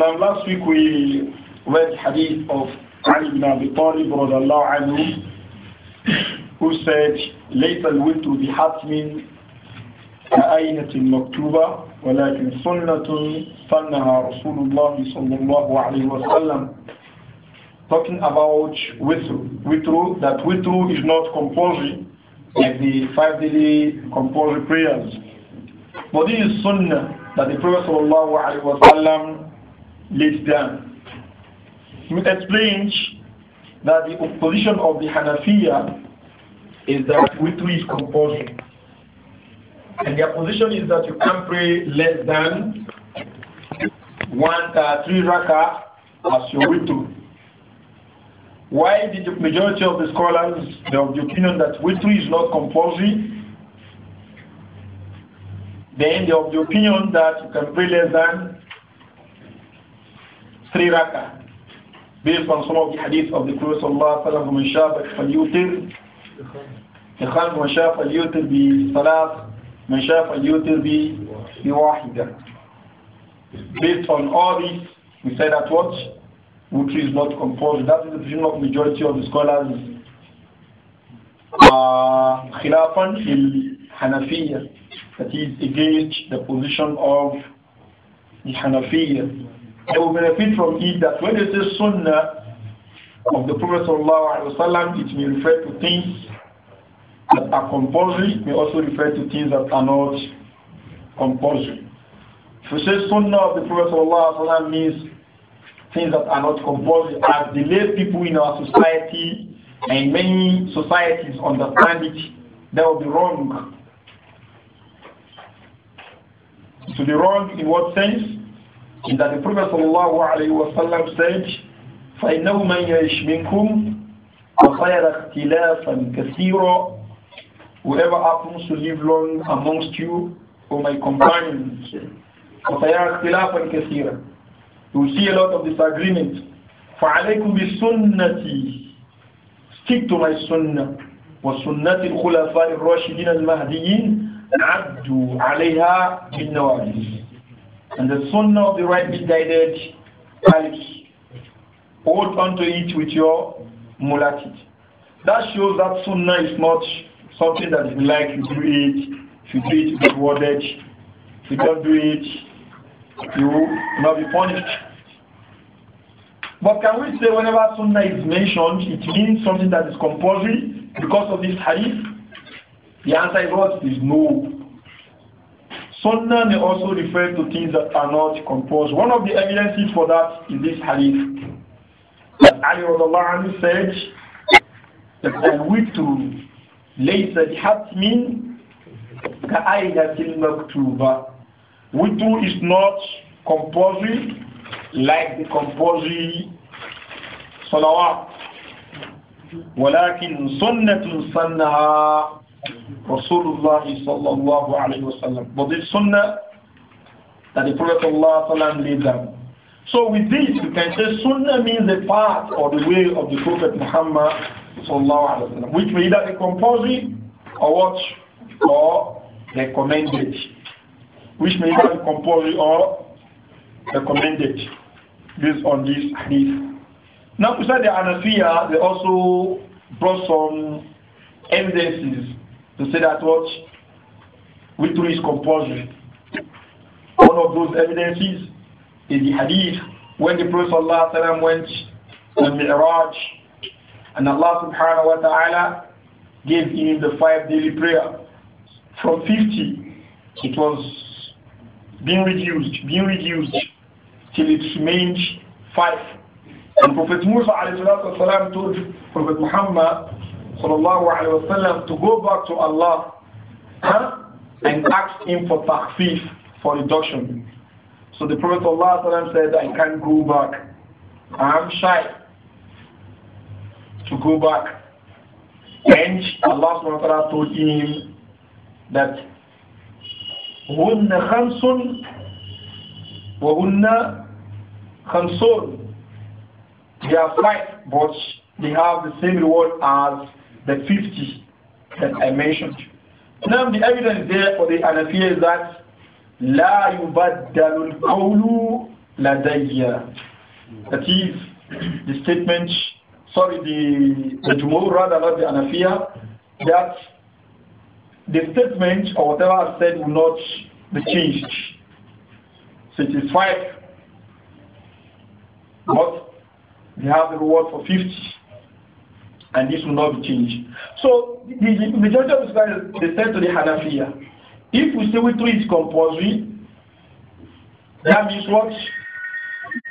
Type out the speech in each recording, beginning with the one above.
Now last week we read hadith of Ali ibn Abi Talib radiallahu anhu who said, ليس الود بحتم كأينة مكتوبة ولكن سنة سنها رسول الله صلى الله عليه وسلم talking about witru. Witru, that witru is not compulsory, like the five daily compulsory prayers. But this is sunnah that the Prophet sallallahu alaihi wasallam laid down. He explains that the position of the Hanafiya is that witri is compulsory. And their position is that you can't pray less than one, uh, three raka as your witri. Why did the majority of the scholars they of the opinion that witri is not compulsory? Then they're of the opinion that you can pray less than three rakah. Based on some of the hadith of the Prophet sallallahu alaihi wasallam, من شاف فليوتر الخلف من شاف فليوتر بثلاث من شاف فليوتر بواحدة. Based on all this, we say that what which is not composed, That is the position of majority of the scholars. Uh, khilafan fil Hanafiya, that is against the position of the Hanafiya they will benefit from it that when they say sunnah of the Prophet wasallam, it may refer to things that are compulsory, it may also refer to things that are not compulsory. If you say sunnah of the Prophet wasallam means things that are not compulsory, as the lay people in our society and many societies understand it, that will be wrong. To so be wrong in what sense? عند النبي صلى الله عليه وسلم سيد فإنه من يعيش منكم وخير اختلافا كثيرا whoever happens to live long amongst you or my companions وخير اختلافا كثيرا you see a lot of disagreement فعليكم بسنة stick to my sunnah وسنة الخلفاء الراشدين المهديين عدوا عليها بالنواجذ and the sunnah of the rightly guided caliph. Hold on to it with your mulatit. That shows that sunnah is not something that is like you do it, if you do it, you rewarded. If you don't do it, you will not be punished. But can we say whenever sunnah is mentioned, it means something that is compulsory because of this hadith? The answer is what? Is no. Sunnah may also refer to things that are not composed. One of the evidences for that is this hadith. That Ali anhu said that the witru laysa bihatmin ka'aynatil maktuba. Witru is not compulsory like the compulsory salawat. ولكن سنة سنها Rasulullah sallallahu alayhi wa sallam. But this sunnah that the Prophet sallallahu laid down. So with this, you can say sunnah means the path or the way of the Prophet Muhammad sallallahu alayhi wa sallam, which may either be compulsory or what? Or recommended. Which may either be compulsory or recommended based on this hadith. Now, beside the anafiyah, they also brought some evidences to say that what do is compulsory. One of those evidences is the hadith when the Prophet ﷺ went on Mi'raj and Allah subhanahu wa ta'ala gave him the five daily prayer. From 50, it was being reduced, being reduced till it remained five. And Prophet Musa told Prophet Muhammad wasallam to go back to Allah huh? and ask Him for taqfif, for reduction. So the Prophet wasallam said, I can't go back. I'm shy to go back. And Allah SWT told him that هن خمس وهن خمسون they are five but they have the same reward as the 50 that I mentioned. Now the evidence there for the Hanafiya is that لا يبدل القول لدي That is the statement, sorry, the, the Jumhur rather not the anafia that the statement or whatever I said will not be changed. So it is five, but we have the reward for 50 and this will not be changed. So the, the majority of scholars they said to the Hanafiya, if we say three is compulsory, that means what?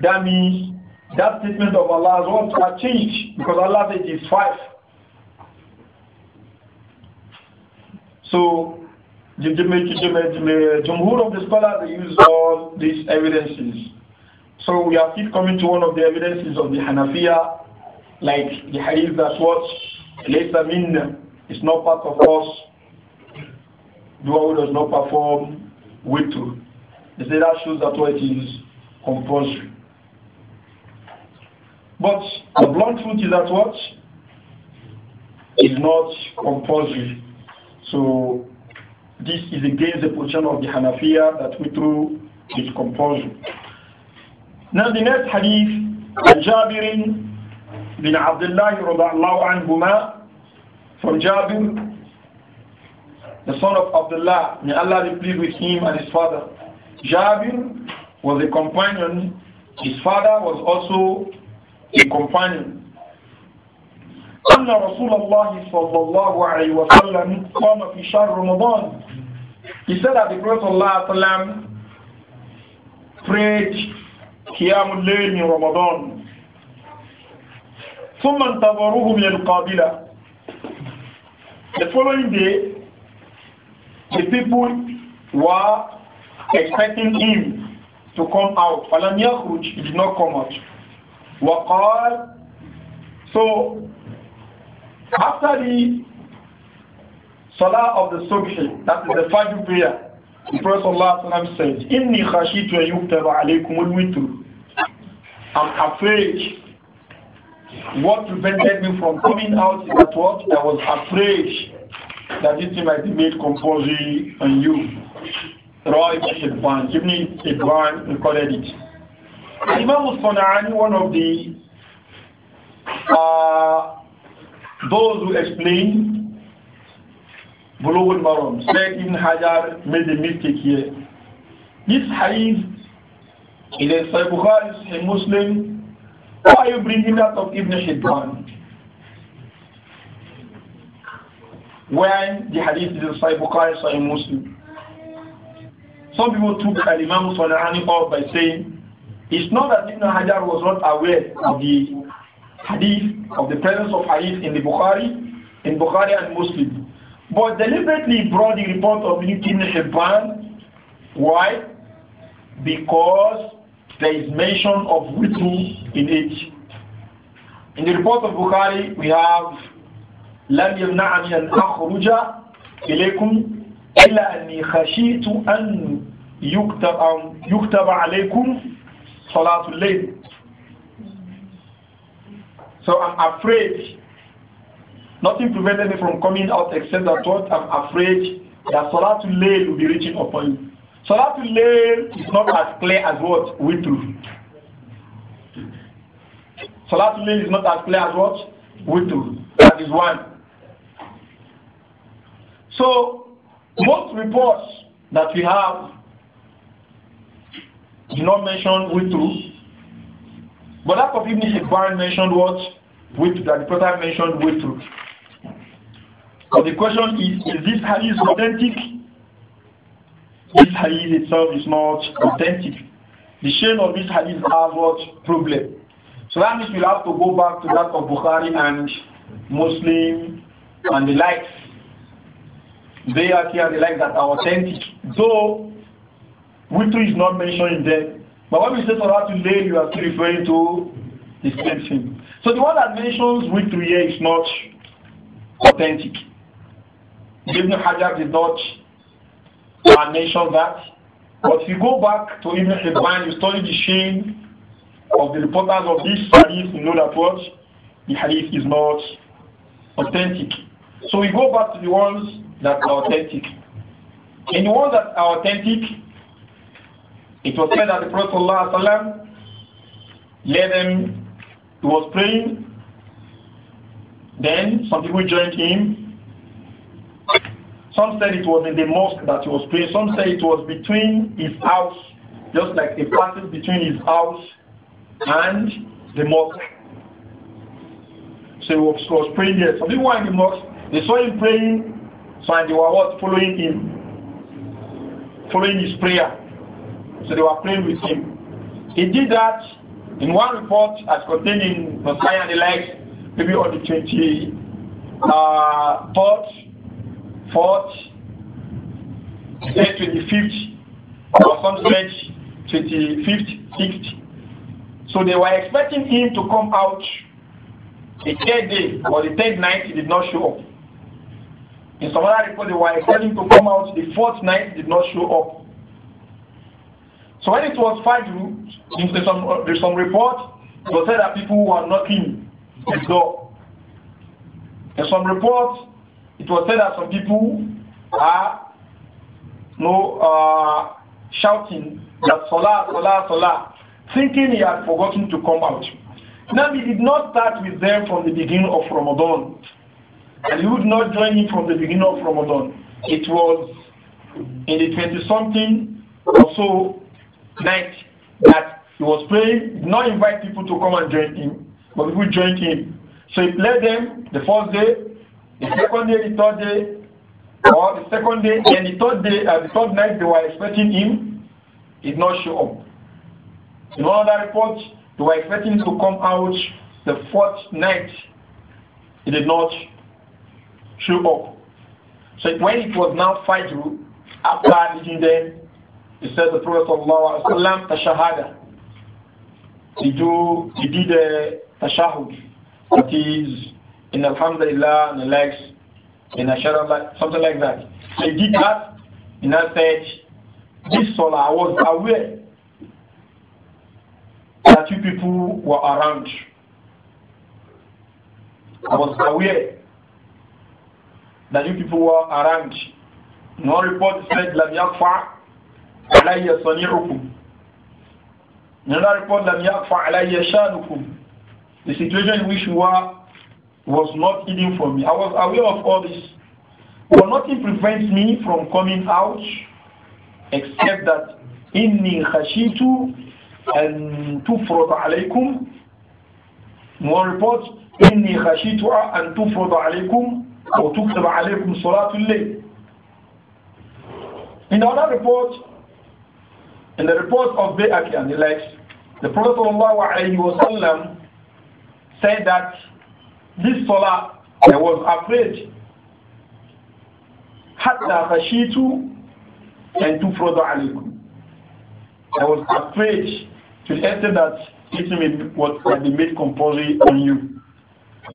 That means that statement of Allah is what are changed because Allah said it is five. So the, the, the, the, of the scholars they use all these evidences. So we are still coming to one of the evidences of the Hanafiya like the hadith that what later minna is not part of us. Dua does not perform witr. They say that shows that what it is compulsory. But the blunt truth is that what is not compulsory. So this is against the position of the Hanafiya that witr is compulsory. Now the next hadith, Al-Jabirin. بن عبد الله رضي الله عنهما from Jabir the son of Abdullah may Allah be pleased with him and his father Jabir was a companion his father was also a companion أن رسول الله صلى الله عليه وسلم قام في شهر رمضان He said that the Prophet صلى الله عليه وسلم prayed قيام الليل in Ramadan ثم انتظروه من القابلة The following day, the people were expecting him to come out. فلم يخرج, he did not come out. وقال So, after the Salah of the Subhi, that is the Fajr prayer, the Prophet Allah said, إِنِّي خَشِيتُ يُكْتَبَ عَلَيْكُمُ الْوِتْرُ I'm afraid what prevented me from coming out is that what? I was afraid that this thing might be made compulsory on you. Roy Ibn Ibn Ibn recorded it. Imam Sana'ani, one of the uh, those who explain Bulugh maram said Ibn Hajar made a mistake here. This hadith is a Bukhari, a Muslim, why are you bringing that of Ibn Hibban? When the hadith is in Sahih Bukhari, Sahih Muslim. Some people took Al-Imam Salihani off by saying, it's not that Ibn Hajar was not aware of the hadith, of the presence of hadith in the Bukhari, in Bukhari and Muslim. But deliberately brought the report of Ibn Hibban. Why? Because there is mention of witru in it. In the report of Bukhari, we have لم يمنعني أن أخرج إليكم إلا أني خشيت أن يكتب يكتب عليكم صلاة الليل. So I'm afraid. Nothing prevented me from coming out except that what I'm afraid that Salatul Layl will be reaching upon you. Salatul Layl is not as clear as what we do. Salatul Layl is not as clear as what we do. That is one. So, most reports that we have do not mention witru. But that of Ibn Baron mentioned what? Witru, that the Prophet mentioned witru. So the question is, is this hadith authentic? this hadith itself is not authentic. The shame of this hadith has what problem. So that means we'll have to go back to that of Bukhari and Muslim and the likes. They are here, the likes that are authentic. Though Witu is not mentioned in them. But when we say for that today, you are still referring to the same thing. So the one that mentions Witu here is not authentic. Ibn Hajar did not and mention that. But if you go back to Ibn Hibban, you study the shame of the reporters of this hadith, you know that what? The hadith is not authentic. So we go back to the ones that are authentic. And the ones that are authentic, it was said that the Prophet ﷺ led them, he was praying. Then some people joined him some said it was in the mosque that he was praying. Some say it was between his house, just like a passage between his house and the mosque. So he was, was praying there. Some people were in the mosque. They saw him praying, so and they were what? Following him. Following his prayer. So they were praying with him. He did that in one report as contained in Messiah and the likes, maybe on the 23rd fourth, he twenty-fifth, or some said twenty-fifth, sixth. So they were expecting him to come out the third day or the third night, he did not show up. In some other report, they were expecting to come out the fourth night, did not show up. So when it was five, in some, there's some report, it was said that people were knocking the door. In some reports, it was said that some people are you know, uh, shouting that Salah, Salah, Salah, thinking he had forgotten to come out. Now he did not start with them from the beginning of Ramadan. And he would not join him from the beginning of Ramadan. It was in the 20 something or so night that he was praying, did not invite people to come and join him, but people joined him. So he played them the first day, the second day, the third day, or the second day and the third day, uh, the third night they were expecting him, he did not show up. In another report, they were expecting him to come out the fourth night. He did not show up. So when it was now Fajr, after leading them, he said the Prophet of Allah, tashahada. He do he did a uh, tashahud, that is in Alhamdulillah and the likes, in shadow, like something like that. So he did that, in that stage. this Salah, I was aware that you people were around. I was aware that you people were around. No report said, Lam yakfa alayya sani'ukum. No report, Lam yakfa alayya shanukum. The situation in which you were was not hidden from me. I was aware of all this. But nothing prevents me from coming out except that inni khashitu and tufrad alaykum. One report, inni khashitu and tufrad alaykum or tuktab alaykum salatul layl. In another report, in the report of Bayaki and the likes, the Prophet ﷺ said that this salah, I was afraid. Hatta khashitu and tufradu alaykum. I was afraid to enter that it was be made compulsory on you.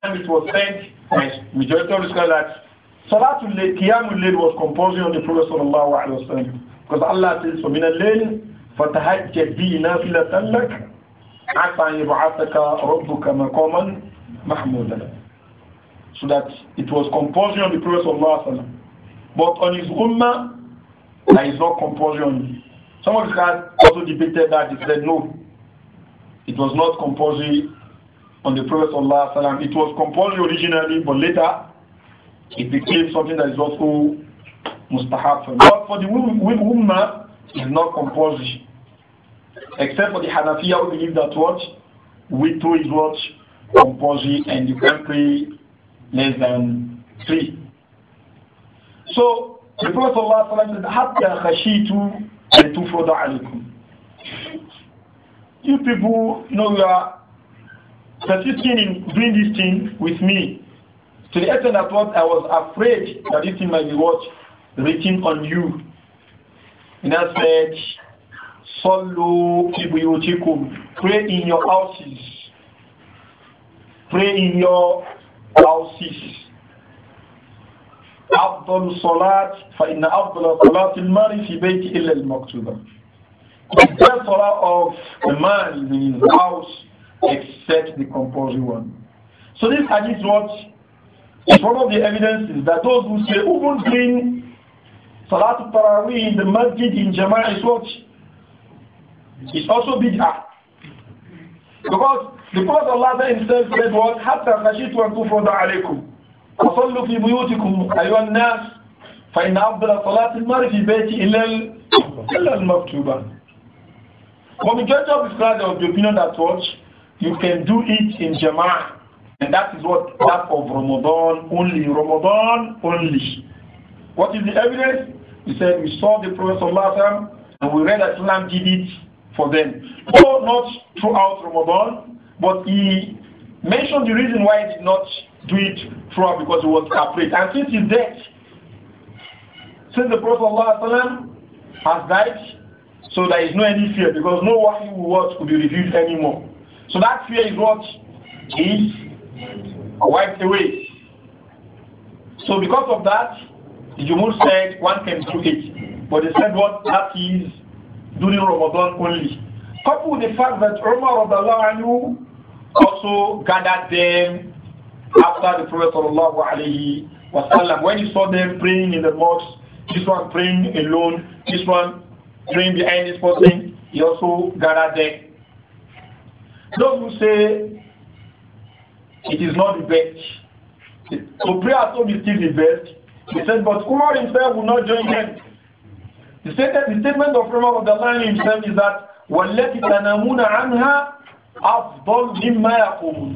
And it was said by majority of the that Salatul Qiyamul Layl was compulsory on the Prophet sallallahu alaihi wasallam because Allah says, "From al-layl fatahajjat bi nafilatan lak." عسى يبعثك ربك mahmuda. So that it was compulsory on the Prophet of Allah. But on his ummah, that is not compulsory Some of the guys also debated that. he said, no, it was not compulsory on the Prophet Sallallahu It was compulsory originally, but later it became something that is also mustahab. But for the Ummah, it's not compulsory. Except for the Hanafiya who believe that what? do is what? compulsory and you can pay less than three. So the Prophet ﷺ said, Hatta khashitu alaykum. You people you know you are persisting in doing this thing with me. To the extent that what I was afraid that this thing might be what written on you. And I said, Sallu ibuyutikum. Pray in your houses. Pray in your houses. أفضل الصلاة فإن أفضل صلاة المرء في بيت إلا المكتوبة. The best salah of a man is in his house except the compulsory one. So this hadith what is one of the evidences that those who say even doing Salatul Taraweeh in the masjid in Jama'ah is what? It's also bid'ah. Because the Prophet Allah himself said what? حَتَّى خَشِيتُ أَنْ تُفْرَضَ عَلَيْكُمْ وَصَلُّوا فِي بُيُوتِكُمْ أَيُّهَا النَّاسِ فَإِنَّ أَفْضَلَ صَلَاةِ الْمَرْءِ فِي بَيْتِهِ إِلَّا الْمَكْتُوبَةِ But majority of the scholars of the opinion that what? You can do it in Jama'ah. And that is what that of Ramadan only. Ramadan only. What is the evidence? He said, we saw the Prophet and we read that Islam did it for them. Though not throughout Ramadan, but he mentioned the reason why he did not do it throughout because he was afraid. And since his death, since the Prophet ﷺ has died, so there is no any fear because no one was could be revealed anymore. So that fear is what is wiped away. So because of that, the Jumur said one can do it. But they said what that is during Ramadan only coupled with the fact that Umar anhu also gathered them after the Prophet alayhi wasallam. When he saw them praying in the mosque, this one praying alone, this one praying behind this person, he also gathered them. Those who say it is not the best, to pray at home is still the best. He said, but Umar himself will not join them. the statement of Umar of the line himself is that والتي تنامون عنها أفضل مما يقومون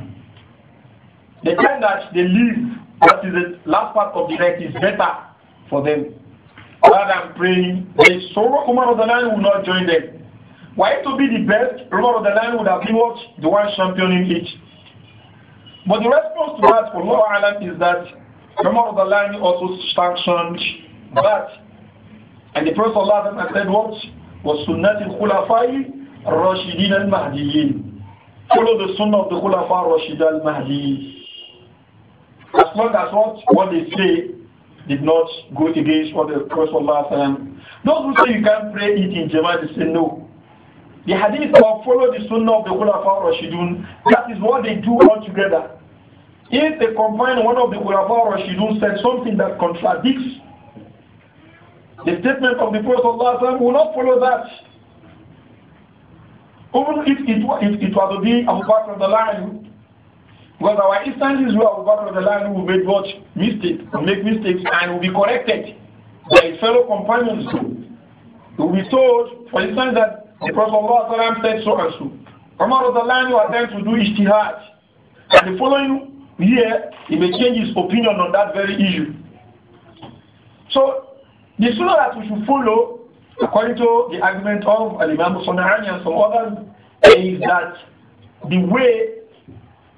The time that they live, that is the last part of the night, is better for them. Rather than praying, they sorrow Umar of the line will not join them. Why to be the best, Umar of the line would have been what? The one championing it. But the response to that for Law Island is that Umar of the line also sanctioned that. And the Prophet Allah said what? وَسُنَّةِ الْخُلَفَاءِ الرَّاشِدِينَ الْمَهْدِيِّينَ Follow the sunnah of the Khulafa Rashid al-Mahdi. As long as what, what they say did not go against what the Prophet Sallallahu Those who say you can't pray it in Jama'at, they say no. The hadith of follow the sunnah of the Khulafa Rashidun, that is what they do all together. If they combine one of the Khulafa Rashidun said something that contradicts the statement of the Prophet ﷺ will not follow that. Even if it, if it was to be Abu Bakr of the line, because our instances where Abu Bakr of the line will make what? Mistakes, will make mistakes and will be corrected by his fellow companions too. will be told, for instance, that the Prophet ﷺ said so and so. Umar of the line will attempt to do ijtihad. And the following year, he may change his opinion on that very issue. So the surah that we should follow, according to the argument of Al-Imam Sana'ani and some others, is that the way,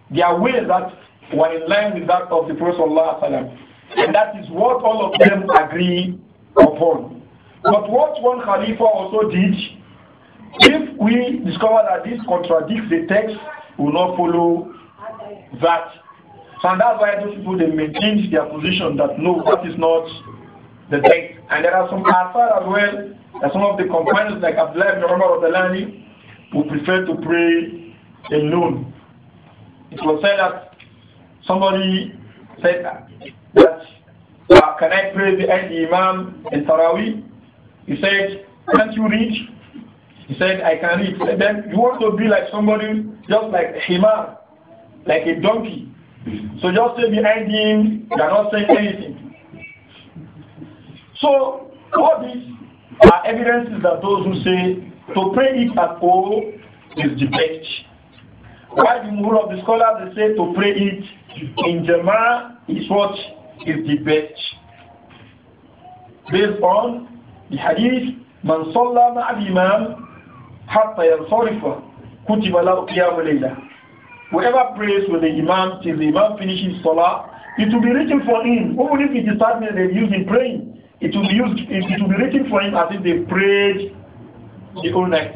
their way that were in line with that of the Prophet And that is what all of them agree upon. But what one Khalifa also did, if we discover that this contradicts the text, we will not follow that. So and that's why those people, they maintain their position that no, that is not the text. And there are some as well that some of the companions like Abdullah ibn Umar of the Lani who prefer to pray alone. It was said that somebody said that uh, can I pray behind the Imam in Taraweeh? He said, can't you read? He said, I can read. And then you want to be like somebody just like Himar, like a donkey. So just stay behind him, you are not saying anything. So all these are evidences that those who say to pray it at all is the best. While the rule of the scholars they say to pray it in Jama is what is the best. Based on the hadith, Man Salla Ma'al Hatta Yansarifa Kutiba Lahu Qiyamu Whoever prays with the Imam till the Imam finishes Salah, it will be written for him, even if it is something they use in praying it will be used, it, it will be written for him as if they prayed the whole night.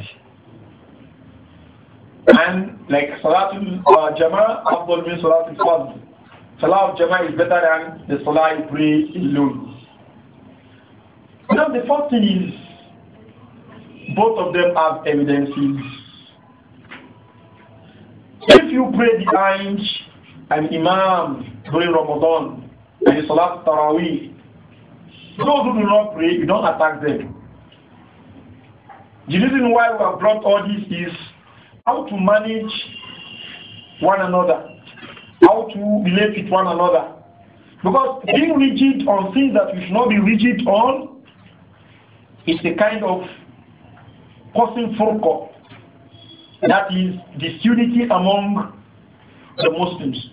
And like Salatul uh, Jama'ah, Abdul means Salatul Fard. Salah of Jama'ah is better than the Salah you pray alone. Now the fourth thing is, both of them have evidences. If you pray behind an Imam during Ramadan and Salat Taraweeh, those who do not pray, you don't attack them. The reason why we have brought all this is how to manage one another, how to relate with one another. Because being rigid on things that we should not be rigid on is a kind of causing furqa. That is disunity among the Muslims.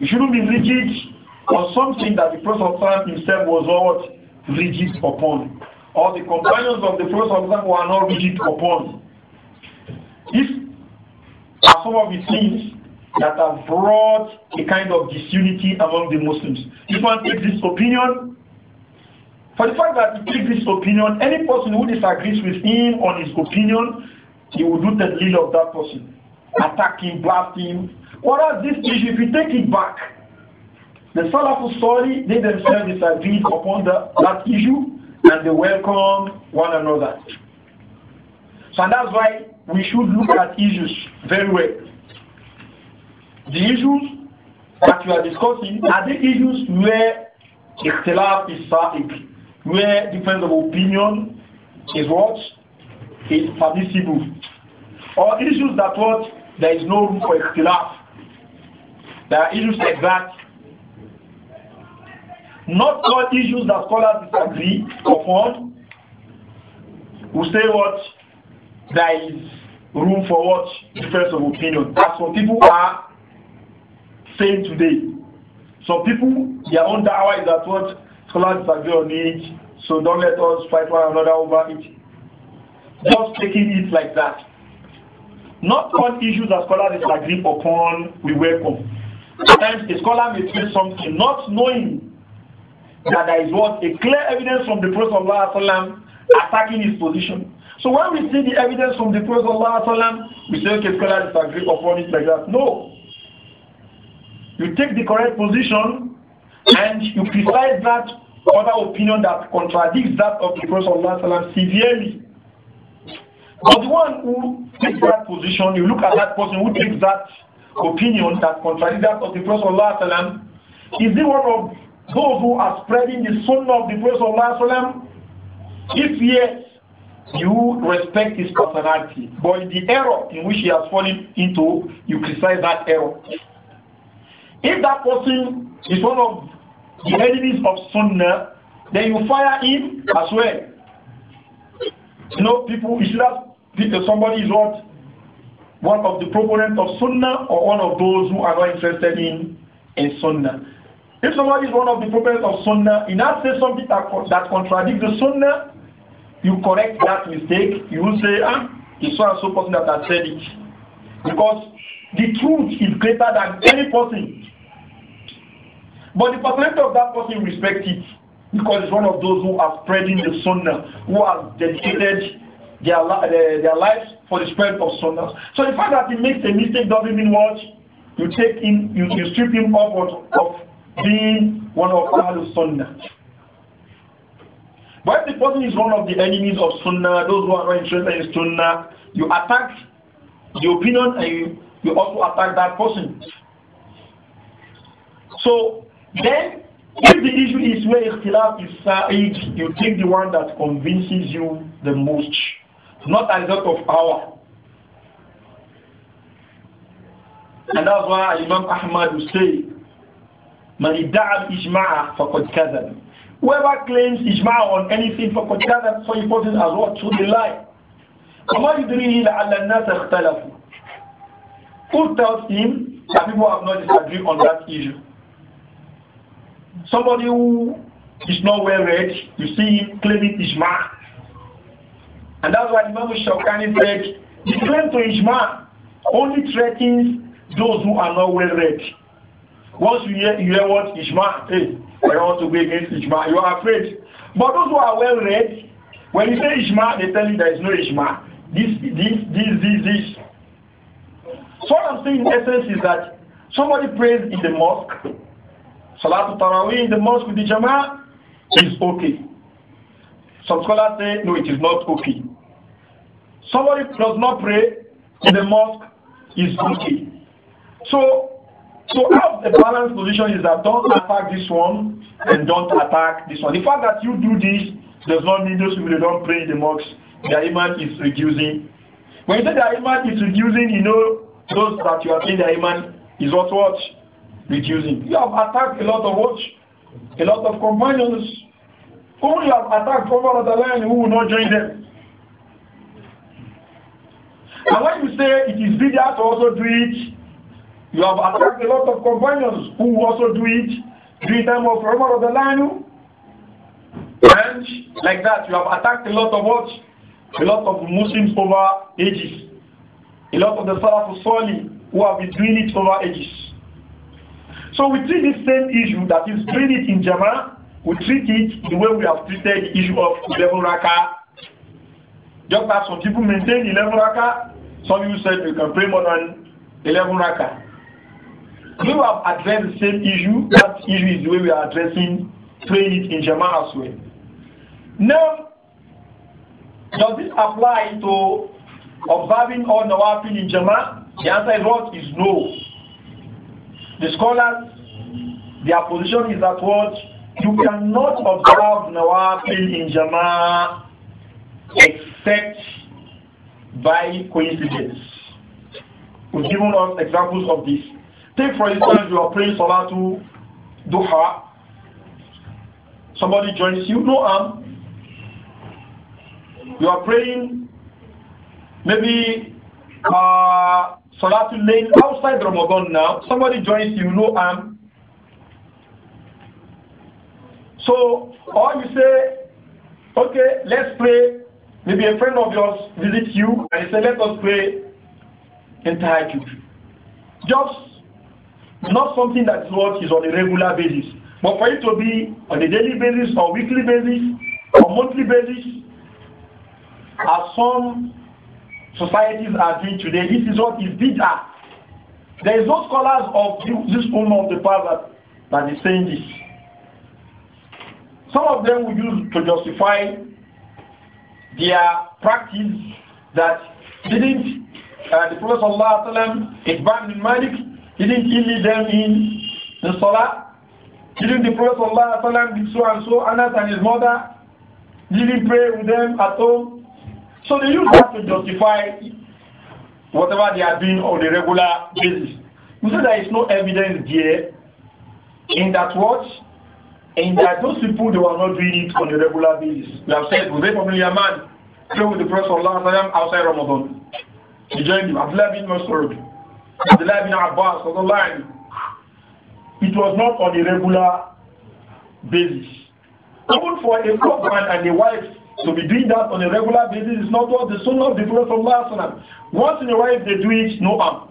You shouldn't be rigid or something that the Prophet himself was not rigid upon, or the companions of the Prophet were not rigid upon. These are some of the things that have brought a kind of disunity among the Muslims. if one takes this opinion. For the fact that he takes this opinion, any person who disagrees with him on his opinion, he will do the deal of that person. Attack him, blast him. Whereas this issue, if you take it back, the Salafus story they themselves disagreed upon the, that issue and they welcome one another. So that's why we should look at issues very well. The issues that you are discussing are the issues where ikhtilaf is sa'ib, where difference of opinion is what is permissible. Or issues that what there is no room for ikhtilaf. There are issues like that not all issues that scholars disagree upon. We say what there is room for what difference of opinion. That's what people are saying today. Some people, their own da'wah is that what scholars disagree on it, so don't let us fight one another over it. Just taking it like that. Not all issues that scholars disagree upon we welcome. Sometimes a scholar may say something not knowing that there is what a clear evidence from the Prophet of Allah attacking his position. So when we see the evidence from the Prophet of Allah we say okay, scholars disagree upon it like that. No. You take the correct position and you criticize that other opinion that contradicts that of the Prophet of Allah severely. But the one who takes that position, you look at that person who takes that opinion that contradicts that of the Prophet of Allah, is he one of those who are spreading the sunnah of the Prophet Allah, If yes, you respect his personality. But in the error in which he has fallen into, you criticize that error. If that person is one of the enemies of Sunnah, then you fire him as well. You know, people, you should have somebody is not One of the proponents of Sunnah or one of those who are not interested in, in Sunnah. If somebody is one of the prophets of Sunnah, and now says something that, that contradicts the Sunnah, you correct that mistake. You will say, ah, it's so and so person that has said it. Because the truth is greater than any person. But the personality of that person respect it because it's one of those who are spreading the sunnah, who have dedicated their, their, eh, their lives for the spread of sunnah. So the fact that he makes a mistake doesn't mean what? You take him, you, you strip him of, of being one of Ahlul Sunnah. But if the person is one of the enemies of Sunnah, those who are not interested in Sunnah, you attack the opinion and you, you also attack that person. So then, if the issue is where ikhtilaf is sa'id, you take the one that convinces you the most, not as out of power. And that's why Imam Ahmad will say, Man idda'a ijma'a faqad kadhab. Whoever claims ijma'a on anything faqad kadhab, so important as what? Truly lie. وما يدريه لعل الناس اختلفوا. Who tells him that people have not disagreed on that issue? Somebody who is not well read, you see him claiming ijma. And that's why Imam Shawkani said, the claim to ijma only threatens those who are not well read. Once you hear, you hear what Ishmael says, I want to be against Ishmael, you are afraid. But those who are well read, when you say Ishmael, they tell you there is no Ishmael. This, this, this, this, this. So what I'm saying in essence is that somebody prays in the mosque, Salatul Tarawih in the mosque with the Jama'ah is okay. Some scholars say, no, it is not okay. Somebody does not pray in the mosque is okay. So so the balanced position is that don't attack this one and don't attack this one. The fact that you do this does not mean those people don't pray in the mosque. Their iman is reducing. When you say their iman is reducing, you know those that you are saying their iman is what what reducing. You have attacked a lot of what? A lot of companions who you have attacked over the land who will not join them. And when you say it is bid'ah to also do it, you have attacked a lot of companions who also do it during time of Umar of the Lion. And like that, you have attacked a lot of what? A lot of Muslims over ages. A lot of the Salaf Sali who have been doing it over ages. So we treat the same issue that is doing it in Jama, we treat it the way we have treated the issue of 11 raka. Just as some people maintain 11 raka, some people said you can pray more than 11 raka. We have addressed the same issue. That issue is the way we are addressing doing it in Jama'ah as well. Now, does this apply to observing all Nawafil in Jama'ah? The answer is what? Is no. The scholars, their position is that what? You cannot observe Nawafil in Jama'ah except by coincidence. We've given us examples of this. Take for instance, you are praying to Duha. Somebody joins you, no harm. You are praying maybe uh, Salatul Lane outside Ramadan now. Somebody joins you, no harm. So, or you say, okay, let's pray. Maybe a friend of yours visits you and he say, let us pray in Tahajjud. Just not something that is is on a regular basis. But for it to be on a daily basis or weekly basis or monthly basis, as some societies are doing today, this is what is bitter. There is no scholars of this woman of the past that is saying this. Some of them will use to justify their practice that didn't uh, the Prophet Sallallahu Alaihi Wasallam, Ibn Malik, he didn't he lead them in the Salah? Didn't the Prophet ﷺ did so and so, Anas and his mother? Didn't pray with them at all. So they use that to justify whatever they are doing on a regular basis. You say there is no evidence there in that watch, In that those people they were not doing it on a regular basis. We have said Huzayf from man pray with the Prophet ﷺ outside Ramadan. He joined him. Abdullah bin Masrud. Abdullah bin Abbas the online. It was not on a regular basis. Even for a husband and a wife to be doing that on a regular basis is not what the son of the Prophet from last Once in a while, they do it, no harm.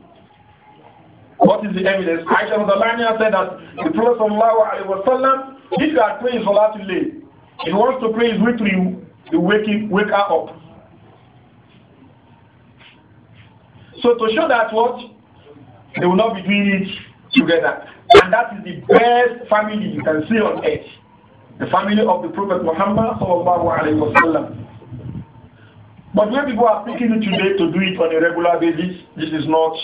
What is the evidence? Aisha I said that the Prophet sallallahu if you are praying Salatul late, he wants to pray his weekly. you, you wake, wake her up. So to show that what they will not be doing it together. And that is the best family you can see on earth. The family of the Prophet Muhammad But when people are picking it today to do it on a regular basis, this is not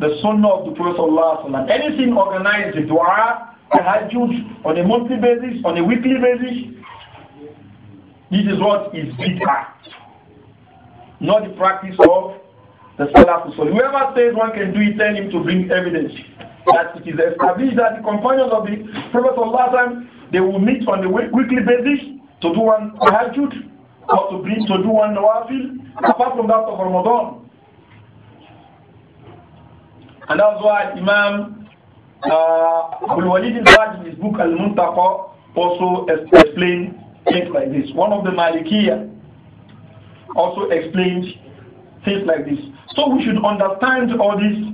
the sunnah of the Prophet sallallahu alayhi wa sallam. Anything organized, the dua, the hajjud, on a monthly basis, on a weekly basis, this is what is bid'ah. Not the practice of the Salaf is Whoever says one can do it, tell him to bring evidence that it is established that the companions of the Prophet of last time, they will meet on a weekly basis to do one tahajjud or to, bring, to do one nawafil, apart from that of Ramadan. And that's why Imam uh, Abdul Walid in his book Al-Muntaqa also explained things like this. One of the Malikiyah also explained things like this. So we should understand all these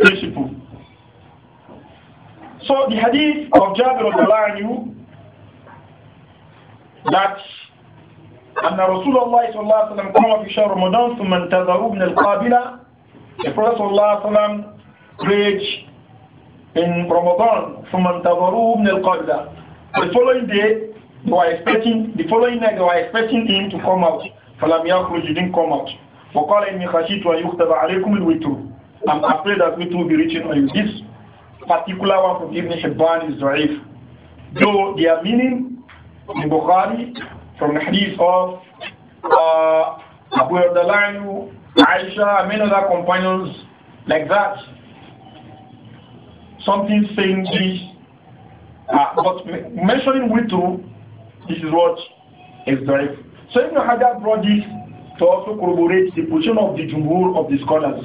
principles. So the hadith of Jabir of you that أن رسول rasulullah sallallahu الله عليه وسلم قام في شهر رمضان ثم al-Qabila. The Prophet sallallahu الله عليه وسلم preached in Ramadan ثم انتظروا al-Qabila. The following day they were expecting the following night they were expecting him to come out فلم يخرج he didn't come out فقال إني خشيت أن يكتب عليكم الوتر I'm afraid that witr will be reaching on you. This particular one from Ibn Hibban is da'if. Though their meaning in Bukhari from the hadith of uh, Abu Ardalanu, Aisha, many other companions like that. Something saying this, uh, but mentioning witr, this is what is da'if. So Ibn Hajar brought this to also corroborate the position of the Jumhur of the scholars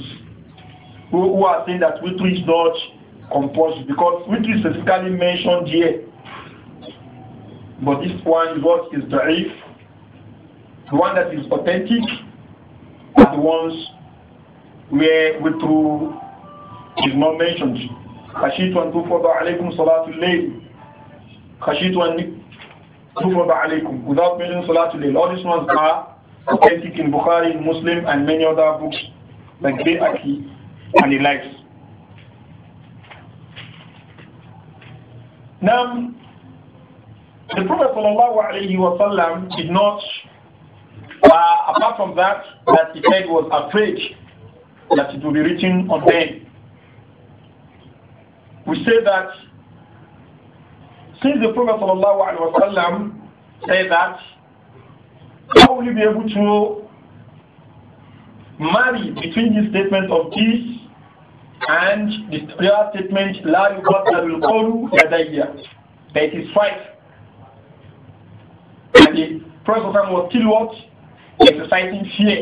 who, who are saying that witr is not compulsory because witr is specifically mentioned here. But this one is what is da'if, the one that is authentic, are the ones where witr is not mentioned. خشيت أن تفرض عليكم صلاة الليل خشيت أن تفرض عليكم without mentioning صلاة الليل all these ones are authentic in Bukhari, Muslim, and many other books like Bayaki and the likes. Now, the Prophet ﷺ did not, uh, apart from that, that the said was afraid that it will be written on them. We say that since the Prophet ﷺ said that how will you be able to marry between the statement of this and the prayer statement, La yuqaddalu qawlu yadayya. That is five. And the Prophet was still what? Exercising fear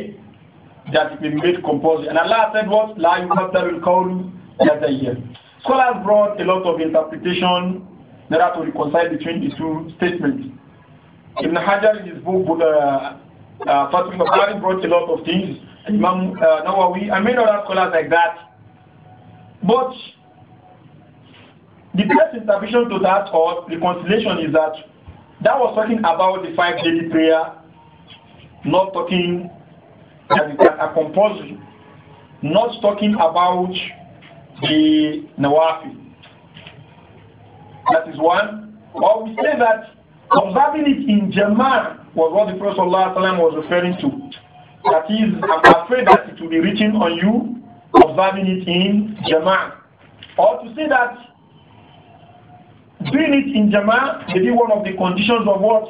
that it may made compulsory. And Allah said what? La yuqaddalu qawlu yadayya. Scholars brought a lot of interpretation that are to reconcile between the two statements. Ibn Hajar in his book, uh, uh, Fatul brought a lot of things. Imam uh, Nawawi, may not have colours like that. But the best intervention to that or reconciliation is that that was talking about the five daily prayer, not talking that it are compulsory, not talking about the nawafi. That is one. Or we say that Observing it in Jaman was what the Prophet was referring to. That is, I'm afraid that it will be written on you, observing it in Jaman. Or to say that doing it in Jaman may be one of the conditions of what?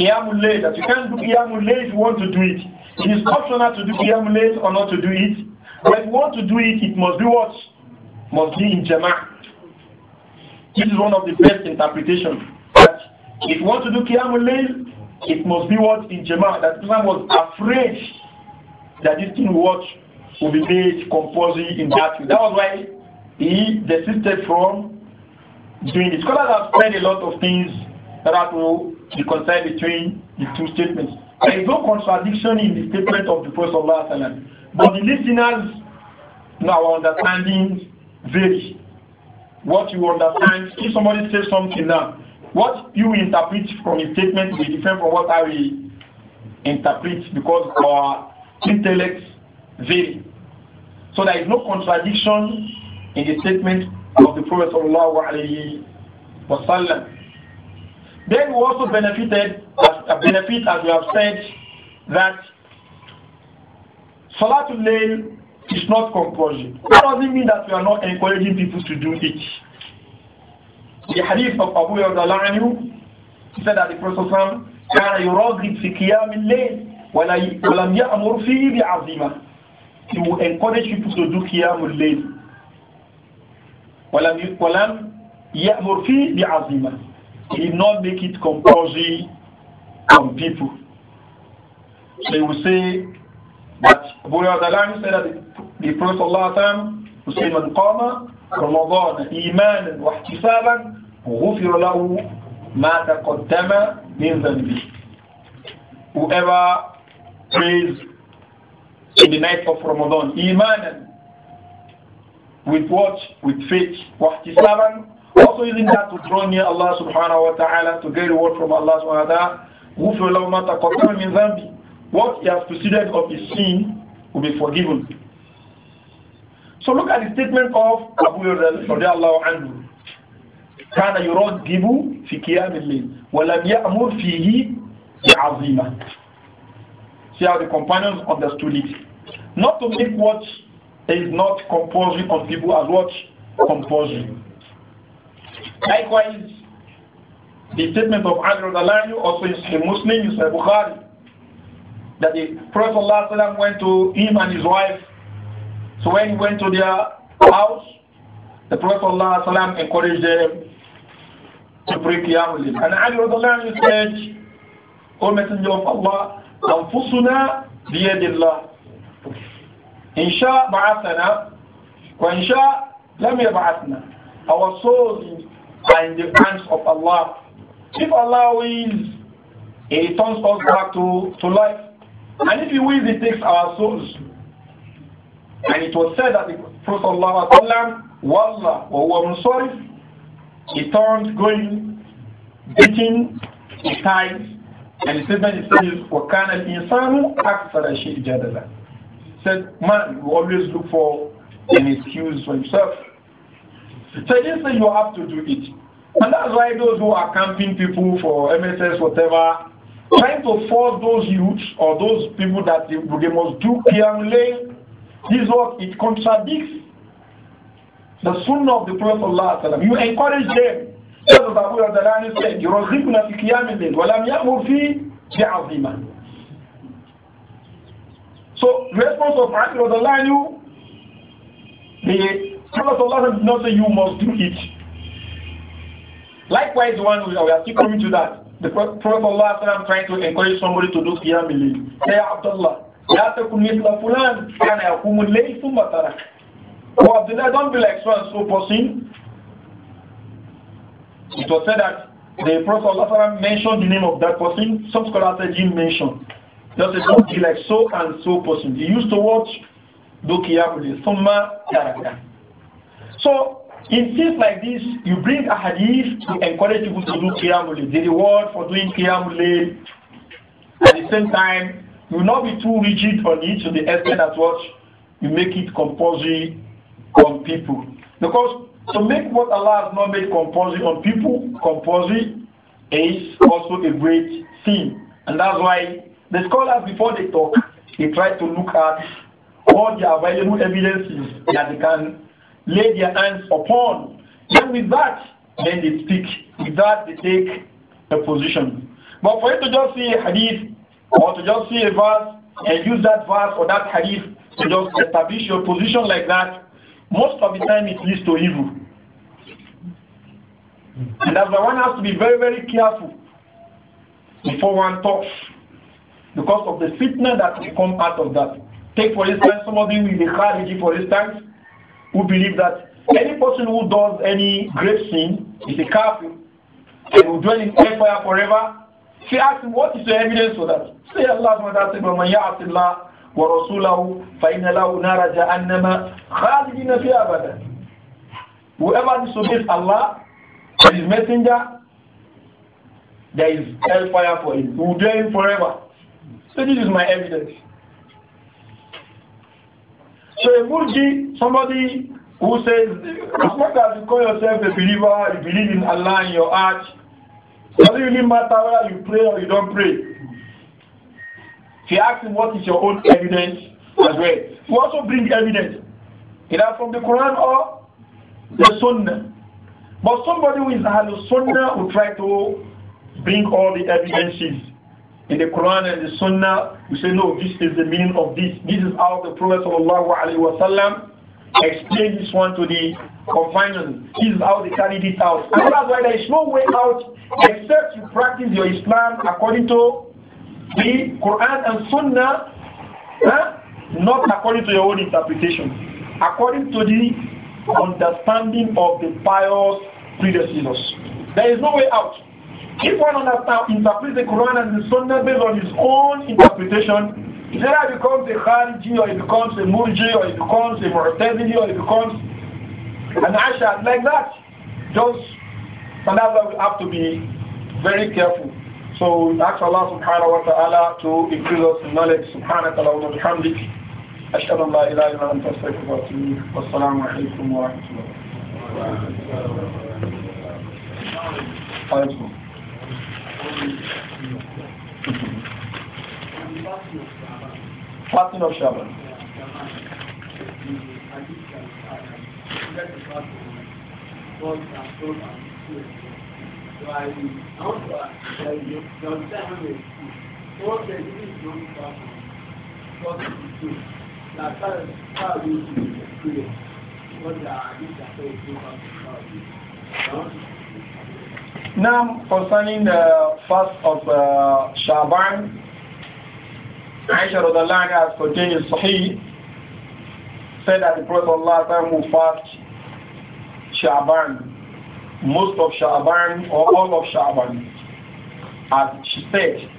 Qiyamul that you can't do Qiyamul if you want to do it. It is optional to do Qiyamul or not to do it. But if you want to do it, it must be what? Must be in Jaman. This is one of the best interpretations. If you want to do Qiyamul Layl, it must be what in Jama'ah. That Islam was afraid that this thing what will be made compulsory in that way. That was why he desisted from doing it. Scholars have said a lot of things that will reconcile between the two statements. There is no contradiction in the statement of the Prophet Sallallahu But the listeners, now our understanding vary. What you understand, if somebody says something now, what you interpret from his statement will be different from what I will interpret because our intellects vary. So there is no contradiction in the statement of the Prophet wasallam. Then we also benefited, a uh, benefit as we have said, that Salatul Layl is not compulsory. That doesn't mean that we are not encouraging people to do it. في حديث أبو Abu Yawdalanyu, he said عليه الصلاة والسلام كان يراغب في قيام الليل ولم يأمر فيه بعظيمة. He will encourage people to do قيام الليل. ولم ولم يأمر فيه بعظيمة. He did not make it compulsory on people. So you will say that Abu Yawdalanyu said that the Prophet صلى الله عليه وسلم يقول من قام رمضان إيمانا واحتسابا غفر له ما تقدم من ذنبه whoever prays in the night of Ramadan iman with what with faith wahtisaban also using that to draw near Allah subhanahu wa ta'ala to get reward from Allah subhanahu wa ta'ala غفر له ما تقدم من ذنبه what he has proceeded of his sin will be forgiven so look at the statement of Abu Hurairah كان يرغب في قيام الليل ولم يأمر فيه بعظيمة See how the companions understood it. Not to make what is not compulsory on people as what compulsory. Likewise, the statement of Ali Radalani also is a Muslim, in a Bukhari, that the Prophet ﷺ went to him and his wife. So when he went to their house, the Prophet ﷺ encouraged them to break Yawlil. And Ali Radhalan said, O Messenger of Allah, أنفسنا بيد الله إن شاء بعثنا وإن شاء لم يبعثنا our souls are in the hands of Allah if Allah wills he turns us back to, to life and if he wills he takes our souls and it was said that the Prophet Allah وسلم والله وهو منصرف he turned going, beating the tithes, and he said, then he says, وَكَانَ الْإِنسَانُ أَكْثَرَ شَيْءٍ جَدَلًا said, man, you always look for an excuse for himself. So he didn't say you have to do it. And that's why those who are camping people for MSS, whatever, trying to force those youths or those people that they, they must do Piang Lane, this work, it contradicts the sunnah of the Prophet You encourage them. That's what Abu Radalani said. يُرَغِّبْنَا فِي قِيَامِ اللَّيْلِ وَلَمْ يَأْمُرْ فِي بِعَظِيمًا So, response of Abu Radalani, the Prophet did not say you must do it. Likewise, the one we are still coming to that. The Prophet trying to encourage somebody to do Qiyam al-Layl. Say, Abdullah, لا تكن مثل فلان كان يقوم الليل ثم ترك or Abdullah, don't be like so and so person. It was said that the Prophet Allah mentioned the name of that person. Some scholars said he mentioned. Just don't be like so and so person. He used to watch Dokiyabuli, Summa Yaraka. So, in things like this, you bring a hadith to encourage people to do Qiyamul The reward for doing Qiyamul At the same time, you will not be too rigid on it to the extent that what you make it compulsory on people. Because to make what Allah has not made compulsory on people compulsory is also a great sin. And that's why the scholars, before they talk, they try to look at all the available evidences that they can lay their hands upon. Then with that, then they speak. With that, they take a position. But for you to just see a hadith or to just see a verse and use that verse or that hadith to just establish your position like that, most of the time it leads to evil. And that's why one has to be very, very careful before one talks because of the fitna that will come out of that. Take, for instance, somebody with the Khariji, for instance, who believe that any person who does any great sin is a kafir and will dwell in hellfire forever. She asked him, what is the evidence for that? Say Allah, ورسوله فإن له نار جهنم خالدين فيها أبدا whoever disobeys Allah and his messenger there is hellfire for him who will dare him forever so this is my evidence so a Murji somebody who says as long as you call yourself a believer you believe in Allah in your heart doesn't really matter whether you pray or you don't pray he asked him, What is your own evidence as well? You also bring evidence, either from the Quran or the Sunnah. But somebody who is a Sunnah will try to bring all the evidences in the Quran and the Sunnah. We say, No, this is the meaning of this. This is how the Prophet wasallam explained this one to the companions. This is how they carried it out. And that's why there is no way out except you practice your Islam according to the Quran and Sunnah, eh? not according to your own interpretation, according to the understanding of the pious predecessors. There is no way out. If one understands, interprets the Quran and the Sunnah based on his own interpretation, either becomes a Khariji or it becomes a Murji or it becomes a Mu'tazili or it becomes an Ashad like that. Just, another, we have to be very careful. So we ask Allah subhanahu wa ta'ala to increase us in knowledge. Subhanaka wa bihamdik. أشهد أن لا إله إلا أنت أستغفرك وأتوب إليك والسلام عليكم ورحمة الله وبركاته. Fasting of Shaban. Fasting of Shaban àyè àwọn Now, concerning the fast of uh, Shaban, Aisha Radallahu has contained Sahih, said that the Prophet Allah will fast Shaban most of Sha'aban or all of Sha'aban, as she said.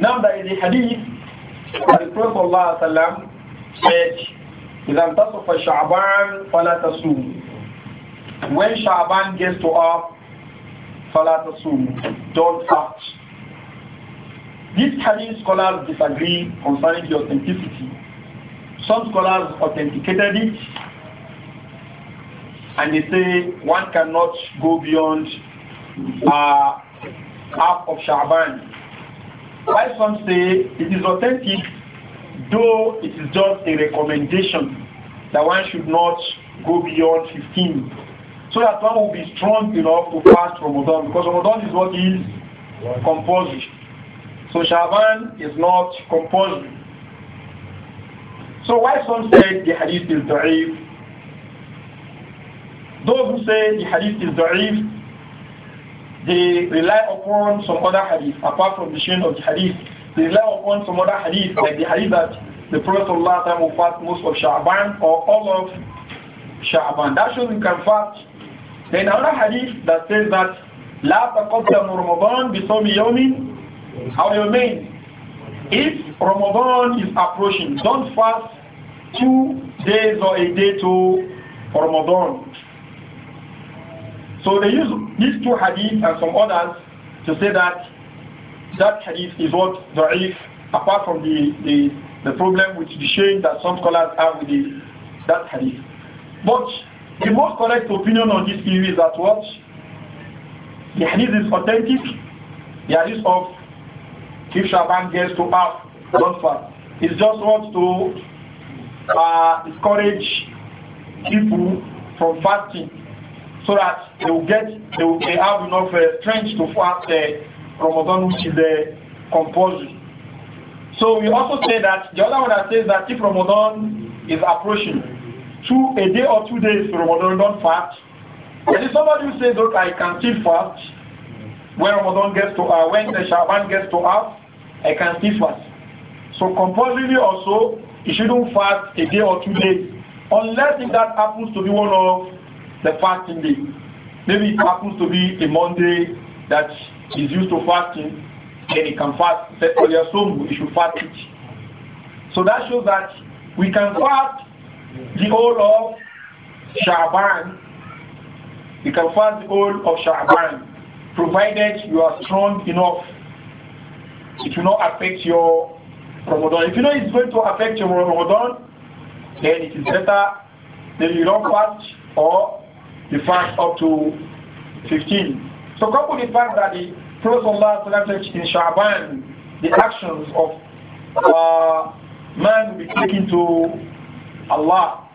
Now there is a hadith that the Prophet Allah said, إِذَا انْتَصَفَ شَعْبَانْ فَلَا تَصُومُ When Sha'aban gets to up, فَلَا تَصُومُ Don't fast. These hadith scholars disagree concerning the authenticity. Some scholars authenticated it, and they say one cannot go beyond uh, half of Shaban. Why some say it is authentic, though it is just a recommendation that one should not go beyond 15, so that one will be strong enough to fast Ramadan, because Ramadan is what is compulsory. So Shaban is not compulsory. So why some say the hadith is da'if, those who say the hadith is da'if, they rely upon some other hadith, apart from the chain of the hadith. They rely upon some other hadith, like the hadith that the Prophet Allah will fast most of Sha'ban or all of Sha'ban. That shows you can fast. Then another hadith that says that لا تقدم رمضان how do you mean? If Ramadan is approaching, don't fast two days or a day to Ramadan. So they use these two hadith and some others to say that that hadith is what da'if, apart from the, the, the problem with the shame that some scholars have with the, that hadith. But the most correct opinion on this issue is that what? The hadith is authentic. The hadith of if Shaban gets to don't fast. It just wants to uh, discourage people from fasting so that they will get, they will they have enough uh, strength to fast the uh, Ramadan, which is the uh, compulsory. So we also say that the other one that says that if Ramadan is approaching, two a day or two days Ramadan don't fast. There is somebody who says, look, I can still fast when Ramadan gets to uh, when the Shaban gets to half, I can still fast. So compulsorily also, you shouldn't fast a day or two days, unless if that happens to be one of the fasting day. Maybe it happens to be a Monday that is used to fasting, then you can fast. Say, oh, your soul, you should fast it. So that shows that we can fast the whole of Shaban. You can fast the whole of Shaban, provided you are strong enough. It will not affect your Ramadan. If you know it's going to affect your Ramadan, then it is better that you don't fast or the fast up to 15. So couple the fact that the Prophet Allah in Shaban, the actions of uh, man be taken to Allah.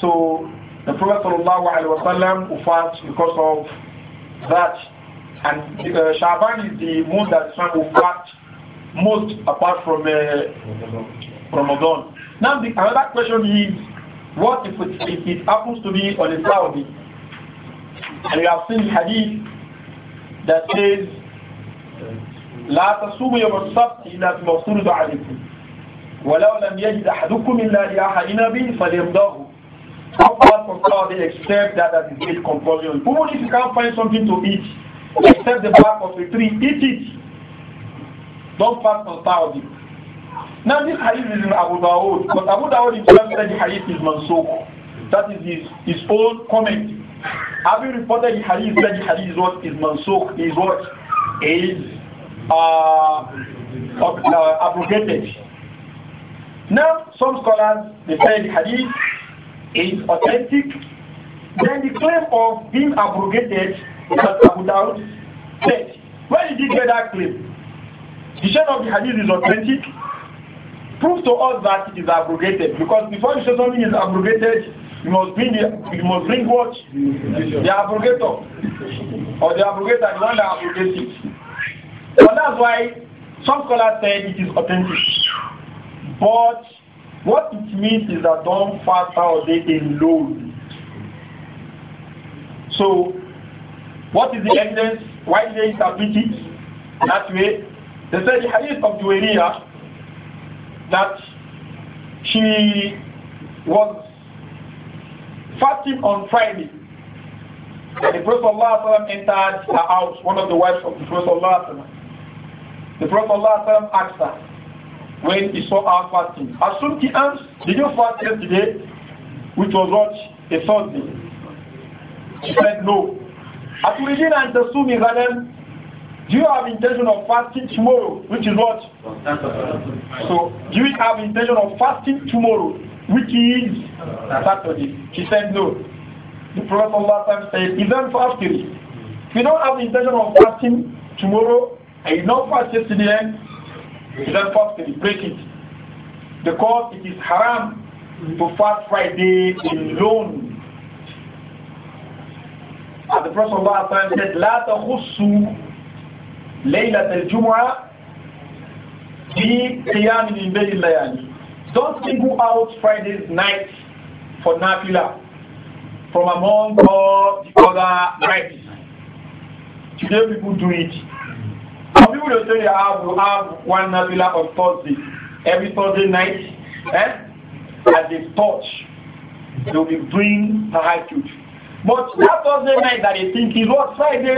So the Prophet Sallallahu will fast because of that. And uh, Shaban is the month that Islam will fast most apart from uh, Ramadan. Now the, another question is, what if it, if it happens to be on a Saudi? And we have seen hadith that says, لا تصوموا يوم السبت إلا فيما افترض عليكم ولو لم يجد أحدكم إلا رياح إنبي فليمضغه Apart from how they accept that that is made compulsory. Even if you can't find something to eat, except the bark of a tree, eat it. Don't fast on Saudi. Now this hadith is in Abu Dawud, but Abu Dawud himself said the hadith is mansukh. That is his, his own comment. Have you reported the hadith that the hadith is what is mansukh, is what is uh, uh, abrogated? Now, some scholars, they say the hadith is authentic. Then the claim of being abrogated that Abu Dawud said. Where did he get that claim? The share of the hadith is authentic. Prove to us that it is abrogated. Because before you say something is abrogated, you must bring the, you must bring what? The abrogator. Or the abrogator is one that abrogates it. But that's why some scholars said it is authentic. But what it means is that don't fast they day alone. So, what is the evidence? Why they interpret it that way? They said the hadith of Juwairiya that she was fasting on Friday. And the Prophet ﷺ entered her house, one of the wives of the Prophet ﷺ. The Prophet ﷺ asked her when he saw her fasting, he asked, did you fast yesterday? Which was what? A Thursday. She said no. Atulijin and Tasumi Ghanem, do you have intention of fasting tomorrow? Which is what? So, do you have intention of fasting tomorrow? which is Saturday. She said no. The Prophet Allah said, Isn't fasting. If you don't have the intention of fasting tomorrow and you don't fast yesterday, isn't fasting. Break it. Because it is haram to fast Friday alone. And the Prophet Allah said, La تخصوا ليلة الجمعة بقيام من بين الليالي don't single out Friday's night for Nafila from among all the other nights. Today people do it. Some people will say they have, will have one Nafila on Thursday, every Thursday night, eh? as they touch, they will be doing Tahajjud. But that Thursday night that they think is what Friday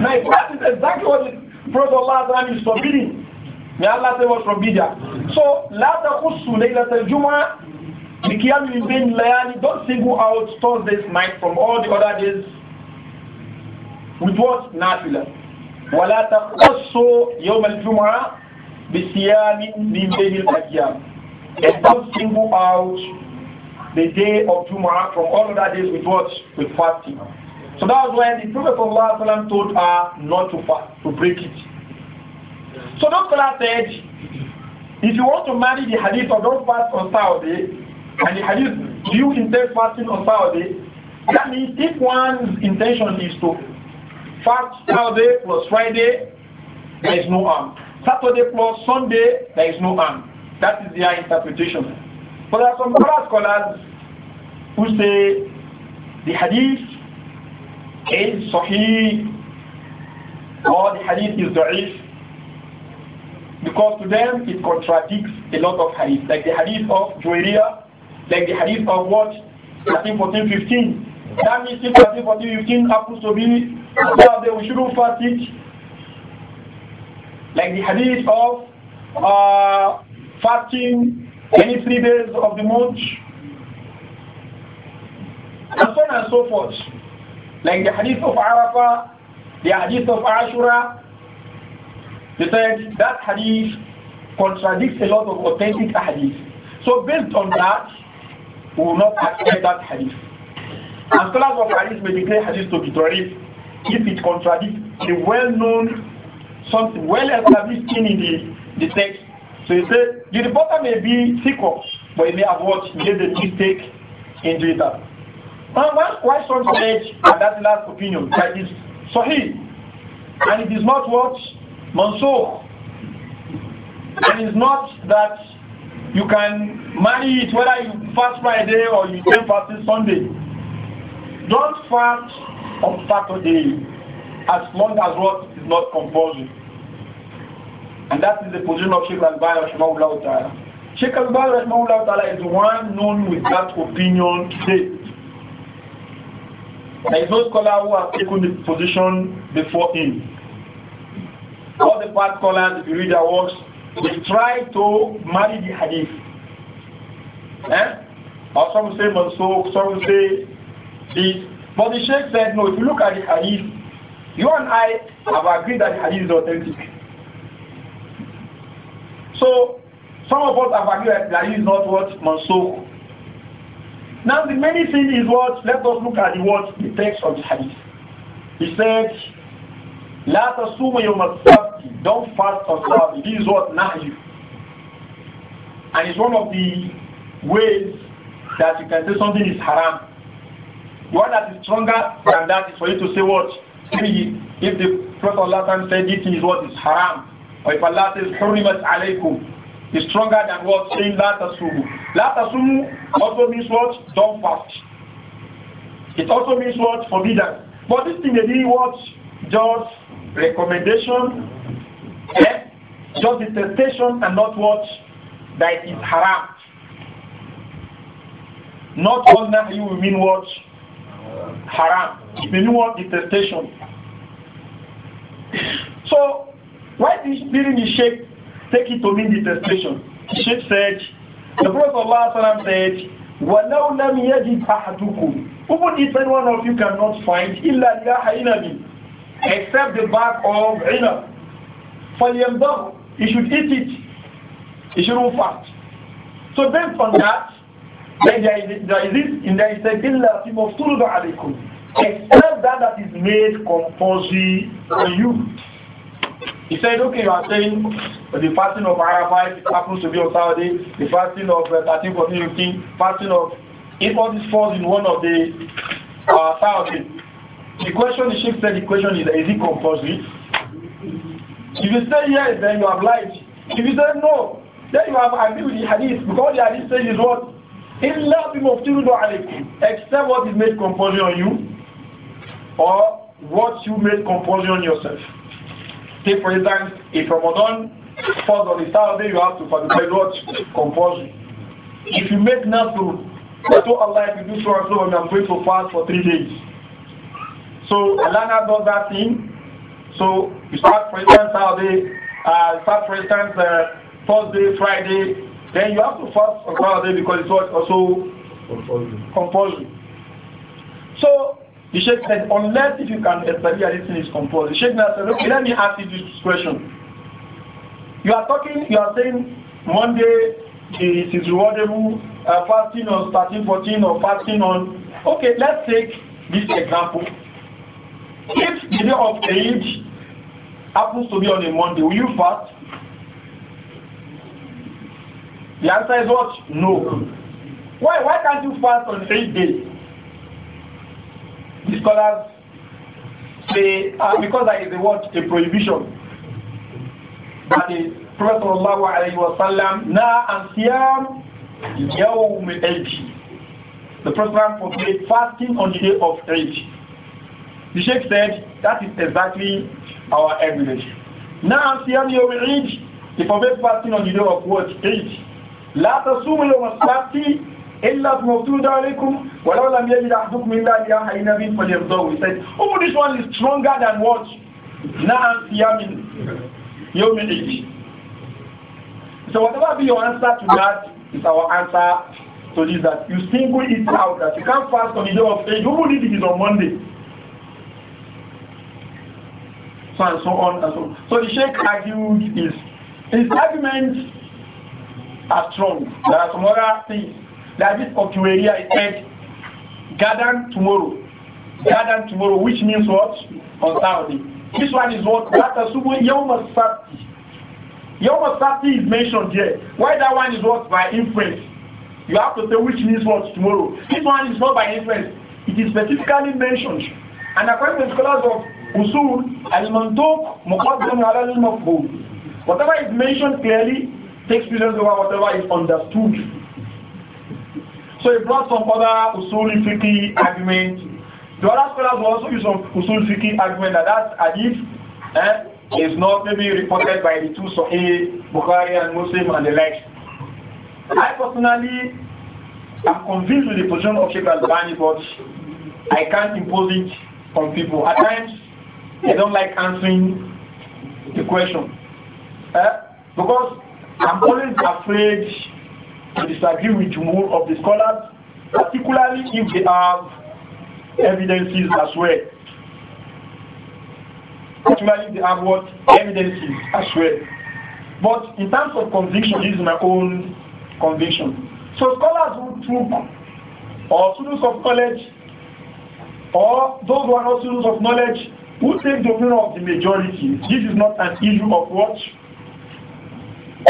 night. That is exactly what the Prophet Allah is forbidding. May Allah save us from bidah. So, لا تخصوا ليلة الجمعة بقيام من بين ليالي Don't single out Thursday's night from all the other days with what? نافلة. ولا تخصوا يوم الجمعة بصيام من بين الأيام. And don't single out the day of Jumu'ah from all other days with what? With fasting. So that was when the Prophet of ﷺ told her not to fast, to break it. So those scholars said, if you want to marry the hadith don't fast on Saturday, and the hadith, do you intend fasting on Saturday? That means if one's intention is to fast Saturday plus Friday, there is no harm. Saturday plus Sunday, there is no harm. That is their interpretation. But there are some other scholars who say the hadith is sahih or the hadith is da'if because to them it contradicts a lot of hadith, like the hadith of Juwairiyah, like the hadith of what? 13, 14, 15. That means if 13, 14, 15 happens to be Saturday, we shouldn't fast it. Like the hadith of uh, fasting any three days of the month, and so on and so forth. Like the hadith of Arafah, the hadith of Ashura, he said that hadith contradicts a lot of authentic hadith. So based on that, we will not accept that hadith. And scholars of hadith may declare hadith to be if it contradicts a well-known, something well-established thing in the, the text. So he said, the reporter may be sicker, but he may have watched made a mistake in doing that. And one question said, and that's the last opinion, that is Sahih, and it is not what mansukh. And it's not that you can marry it whether you fast Friday or you can fast Sunday. Don't fast on Saturday as long as what is not compulsory. And that is the position of Sheikh Al-Bayr Rahimahullah Ta'ala. Sheikh Al-Bayr Rahimahullah Ta'ala is one known with that opinion today. There is no scholar who has taken the position before him all the past scholars, if you read their works, they try to marry the hadith. Eh? Or some say Mansur, some say this. But the Sheikh said, no, if you look at the hadith, you and I have agreed that the hadith is authentic. So, some of us have agreed that the hadith is not what Mansur. Now, the main thing is what, let us look at the words, the text of the hadith. He said, لا تصوم يوم السبت don't fast on starve. This is what Nahyu. And it's one of the ways that you can say something is haram. one that is stronger than that is for you to say what? If the Prophet Allah said this is what is haram, or if Allah says Hurimat alaykum, is stronger than what saying La Tasumu. La Tasumu also means what? Don't fast. It also means what? Forbidden. But this thing they did what? Just recommendation, eh? just the temptation and not what that is haram. Not all nahi will mean what? Haram. It means what? The temptation. So, why did during the Sheikh take it to mean the temptation? The Sheikh said, the Prophet of Allah said, وَلَوْ لَمْ يَجِدْ أَحَدُكُمْ Even if any one of you cannot find, إِلَّا لِيَحَ إِنَبِي except the bark of inab. فَلْيَمْضَغْ He should eat it. He shouldn't fast. So based on that, then there is, there is this, and there is a إِلَّا فِي مَفْتُرُدَ عَلَيْكُمْ Except that that is made compulsory for you. He said, okay, you are saying the fasting of Arafah happens to be on Saturday, the fasting of uh, 13, 14, 15, fasting of, if all this falls in one of the uh, Saturdays, the question the chief said the question is is it compulsory? If you say yes, then you have lied. If you say no, then you have agreed with the hadith because the hadith says is what? Illa bimuftiru alaykum. Except what is made compulsory on you or what you made compulsory on yourself. Take for instance, if Ramadan falls on the Saturday, you have to fast. what? Compulsory. If you make nothing, I told Allah if you do so and so, I'm going to fast for three days. So Alana does that thing. So you start, for instance, how they uh, start, for instance, uh, Thursday, Friday. Then you have to fast on Friday because it's also compulsory. So the Sheikh said, unless if you can establish anything is compulsory. The Sheikh said, okay, let me ask you this question. You are talking, you are saying Monday it is rewardable, uh, fasting on 13, 14 or fasting on. Okay, let's take this example. If the day of Eid happens to be on a Monday, will you fast? The answer is what? No. Why? Why can't you fast on Eid day? The scholars say uh, because that is a what a prohibition that the Prophet sallallahu alaihi wasallam na and siyam yawm Eid. The Prophet forbade fasting on the day of Eid. The Sheikh said that is exactly our evidence. Now, see how you will read the Prophet fasting on the day of what? Eid. لا تصوموا يوم السبت إلا تموتون عليكم ولو لم يجد أحدكم إلا فليرضوا. He said, oh, this one is stronger than what? Now, see you يوم العيد. So whatever be your answer to that is our answer to this that you single it out that you can't fast on the day of Eid. You only did it on Monday. so and so on and so on. So the Sheikh argued his his arguments are strong. There are some other things. Like this Okiweria said, Garden tomorrow. garden tomorrow, which means what? On Saturday. This one is what? Gatasubu Yawma Sabti. Yawma is mentioned here. Why that one is what? By inference. You have to say which means what tomorrow. This one is not by inference. It is specifically mentioned. And according to scholars of usul al-mantuq muqaddam ala al-mafhum whatever is mentioned clearly takes precedence over whatever is understood so he brought some other usul fiqh argument the other scholars will also use some usul fiqh argument that that hadith eh, is not maybe reported by the two Sahih, Bukhari and Muslim and the like. I personally am convinced with the position of Sheikh Al-Bani, but I can't impose it on people. At times, I don't like answering the question. Uh, because I'm always afraid to disagree with more of the scholars, particularly if they have evidences as well. Particularly if they have what? Evidences as well. But in terms of conviction, this is my own conviction. So scholars who took or students of college or those who are not students of knowledge who takes the favor of the majority, this is not an issue of what?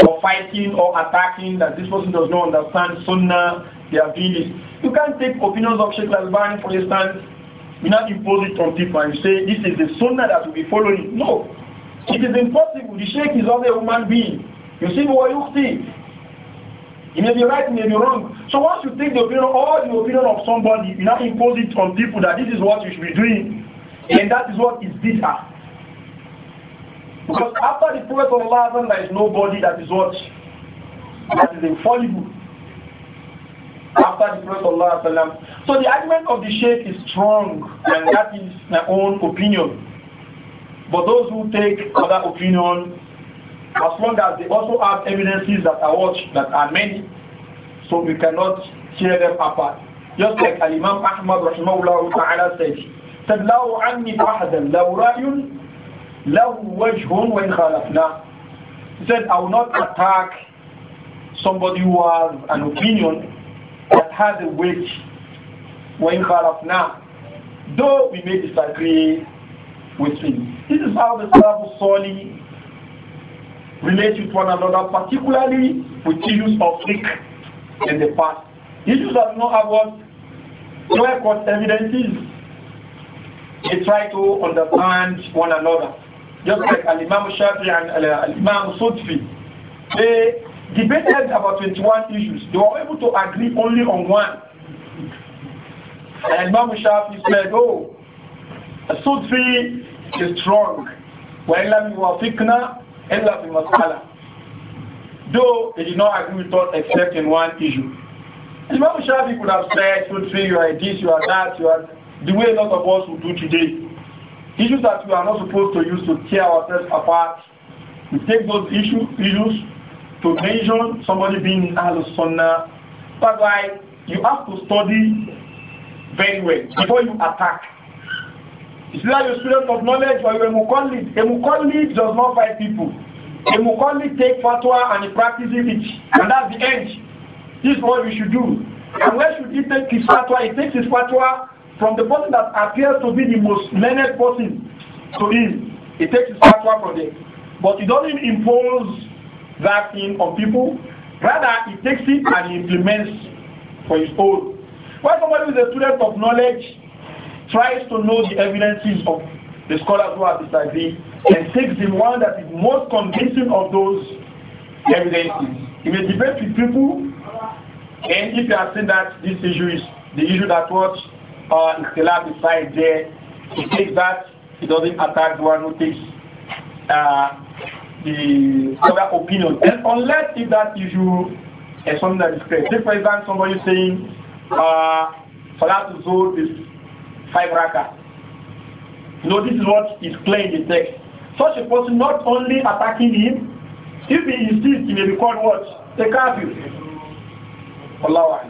Or fighting or attacking that this person does not understand sunnah, their beliefs. You can't take opinions of Sheikh Al-Bani, for instance, you not impose it on people and you say this is the sunnah that will be following. No. It is impossible. The Sheikh is only a human being. You see what you see. He may be right, he may be wrong. So once you take the opinion, all the opinion of somebody, you now impose it on people that this is what you should be doing. And that is what is bid'ah. Because after the Prophet of Allah, there is nobody that is what? That is infallible. After the Prophet of Allah. So the argument of the Sheikh is strong, and that is my own opinion. But those who take other opinion, as long as they also have evidences that are what that are many, so we cannot tear them apart. Just like Al Imam Ahmad Rahimahullah Ta'ala said, said, لو عني أحدا لو رأي له وجه وإن خالفنا. He said, I will not attack somebody who has an opinion that has a weight when خالفنا. Though we may disagree with him. This is how the Salafus Soli relate with one another, particularly with issues of fiqh in the past. Issues that do not have what clear-cut evidences they try to understand one another. Just like Al-Imam Shafi and Al-Imam Sudfi, they debated about 21 issues. They were able to agree only on one. And Imam Shafi said, oh, Sudfi is strong. وَإِلَّا مِوَافِقْنَا إِلَّا فِي مَسْأَلَةٍ Though they did not agree with us except in one issue. Imam Shafi could have said, Sudfi, you are this, you are that, you are the way a lot of us will do today. Issues that we are not supposed to use to tear ourselves apart. We take those issue, issues to mention somebody being Ahlul Sunnah. That's why you have to study very well before you attack. It's like a student of knowledge or you a mukallid. A mukallid does not fight people. A mukallid takes fatwa and he practices it. And that's the end. This is what we should do. And where should he take his fatwa? He takes his fatwa from the person that appears to be the most learned person to him. He takes his fatwa from there. But he doesn't impose that thing on people. Rather, he takes it and he implements for his own. When somebody with a student of knowledge tries to know the evidences of the scholars who are beside him and takes the one that is most convincing of those evidences. He may debate with people, and if you are saying that this issue is the issue that what or uh, Ikhtilaf aside there, he takes that, he doesn't attack the one who takes uh, the other opinion. And unless if that issue is something that is clear. Say for example somebody saying uh, Salatul Zuhr is five raka. You know, this is what is clear in the text. Such a person not only attacking him, if he insists, he may be called what? A kafir. Allah.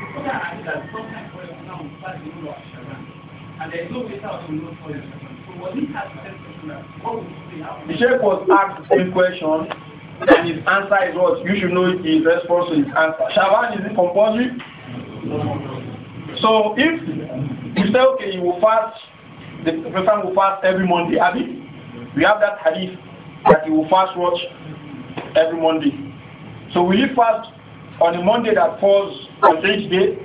the sheikh was asked the same question, and his answer is what you should know his response to his answer shaban is it compulsory. so if you say okay you will fast the person will fast every monday abi we have that hadith that he will fast watch every monday so will he fast on a Monday that falls on each day?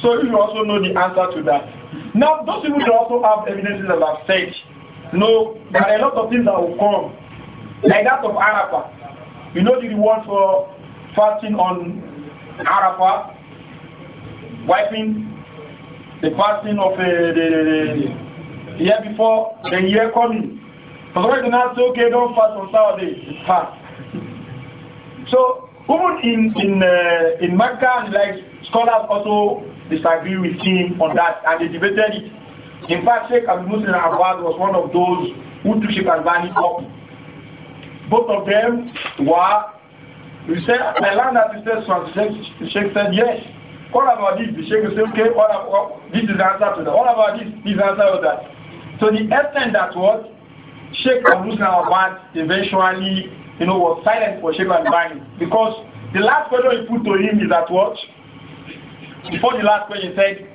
so you also know the answer to that. Now, those people also have evidences that I've said. No, there are a lot of things that will come, like that of Arafat. You know the reward for fasting on Arafah, wiping the fasting of uh, the, the, the, year before, the year coming. Because right now, okay, don't fast on Saturday, It's fast. So even in in uh, in Mecca, like scholars also disagree with him on that, and they debated it. In fact, Sheikh Al Muslim Awad was one of those who took Sheikh Albani up. Both of them were. We said, I learned that he said, the Sheikh said yes. What about this? The Sheikh said, okay, what about, this is the answer to that. What about this? This is the answer to that. So the extent that what Sheikh Al Muslim Awad eventually you know, was silent for Sheba and Bani. Because the last question he put to him is at what? Before the last question, he said,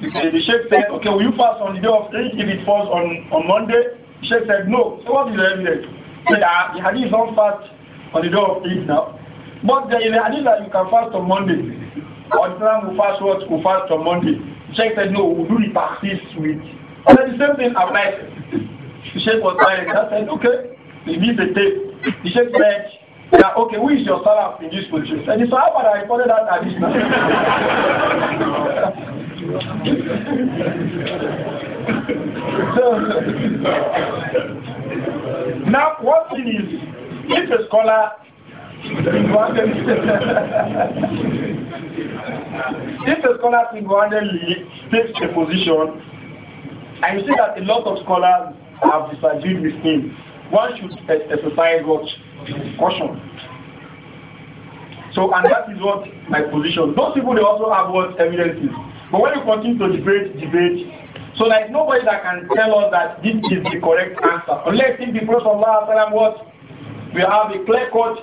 the, the Sheikh said, okay, will you fast on the day of Eid if it falls on, on Monday? The Sheikh said, no. So what is the evidence? He said, ah, the hadith don't fast on the day of Eid now. But there is a hadith that you can fast on Monday. Or Islam will fast what? Will fast on Monday. The Sheikh said, no, we'll do the practice with. And then the same thing applies. The Sheikh was silent. I said, okay, it is a tape. The said, yeah, okay, who is your Salaf in this position? And the Sahaba that reported that at this now. so, now, one thing is, if a scholar if a scholar single-handedly takes a position, I see that a lot of scholars have disagreed with him one should exercise what caution. So, and that is what my position. Those people they also have what evidences. But when you continue to debate, debate, so there is nobody that can tell us that this is the correct answer. Unless in the Prophet Allah what we have a clear cut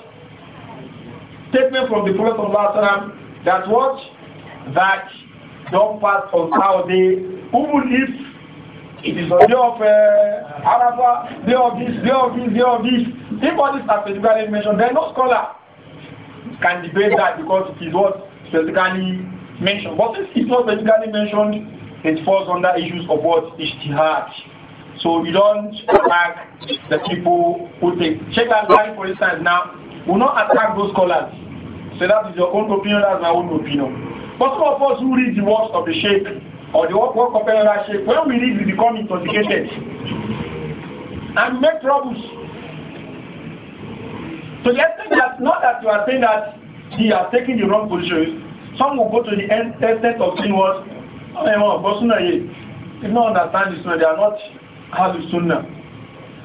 statement from the Prophet Allah that what that don't pass on Saudi, even if it is the day of uh, Arafah, of this, day of this, they of this. If all are specifically mentioned, then no scholar can debate that because it is what specifically mentioned. But if it's not specifically mentioned, it falls under issues of what? Ishtihad. So we don't attack the people who take. Sheikh Al-Bani, for instance, now, will not attack those scholars. So that is your own opinion, that's my own opinion. But some of us who read the works of the Sheikh, or the what compelling hardship, when we leave, we become intoxicated and make troubles. So the extent that not that you are saying that you are taking the wrong position, some will go to the end extent of saying what, oh, you don't understand this, they are not Ahlul Sunnah.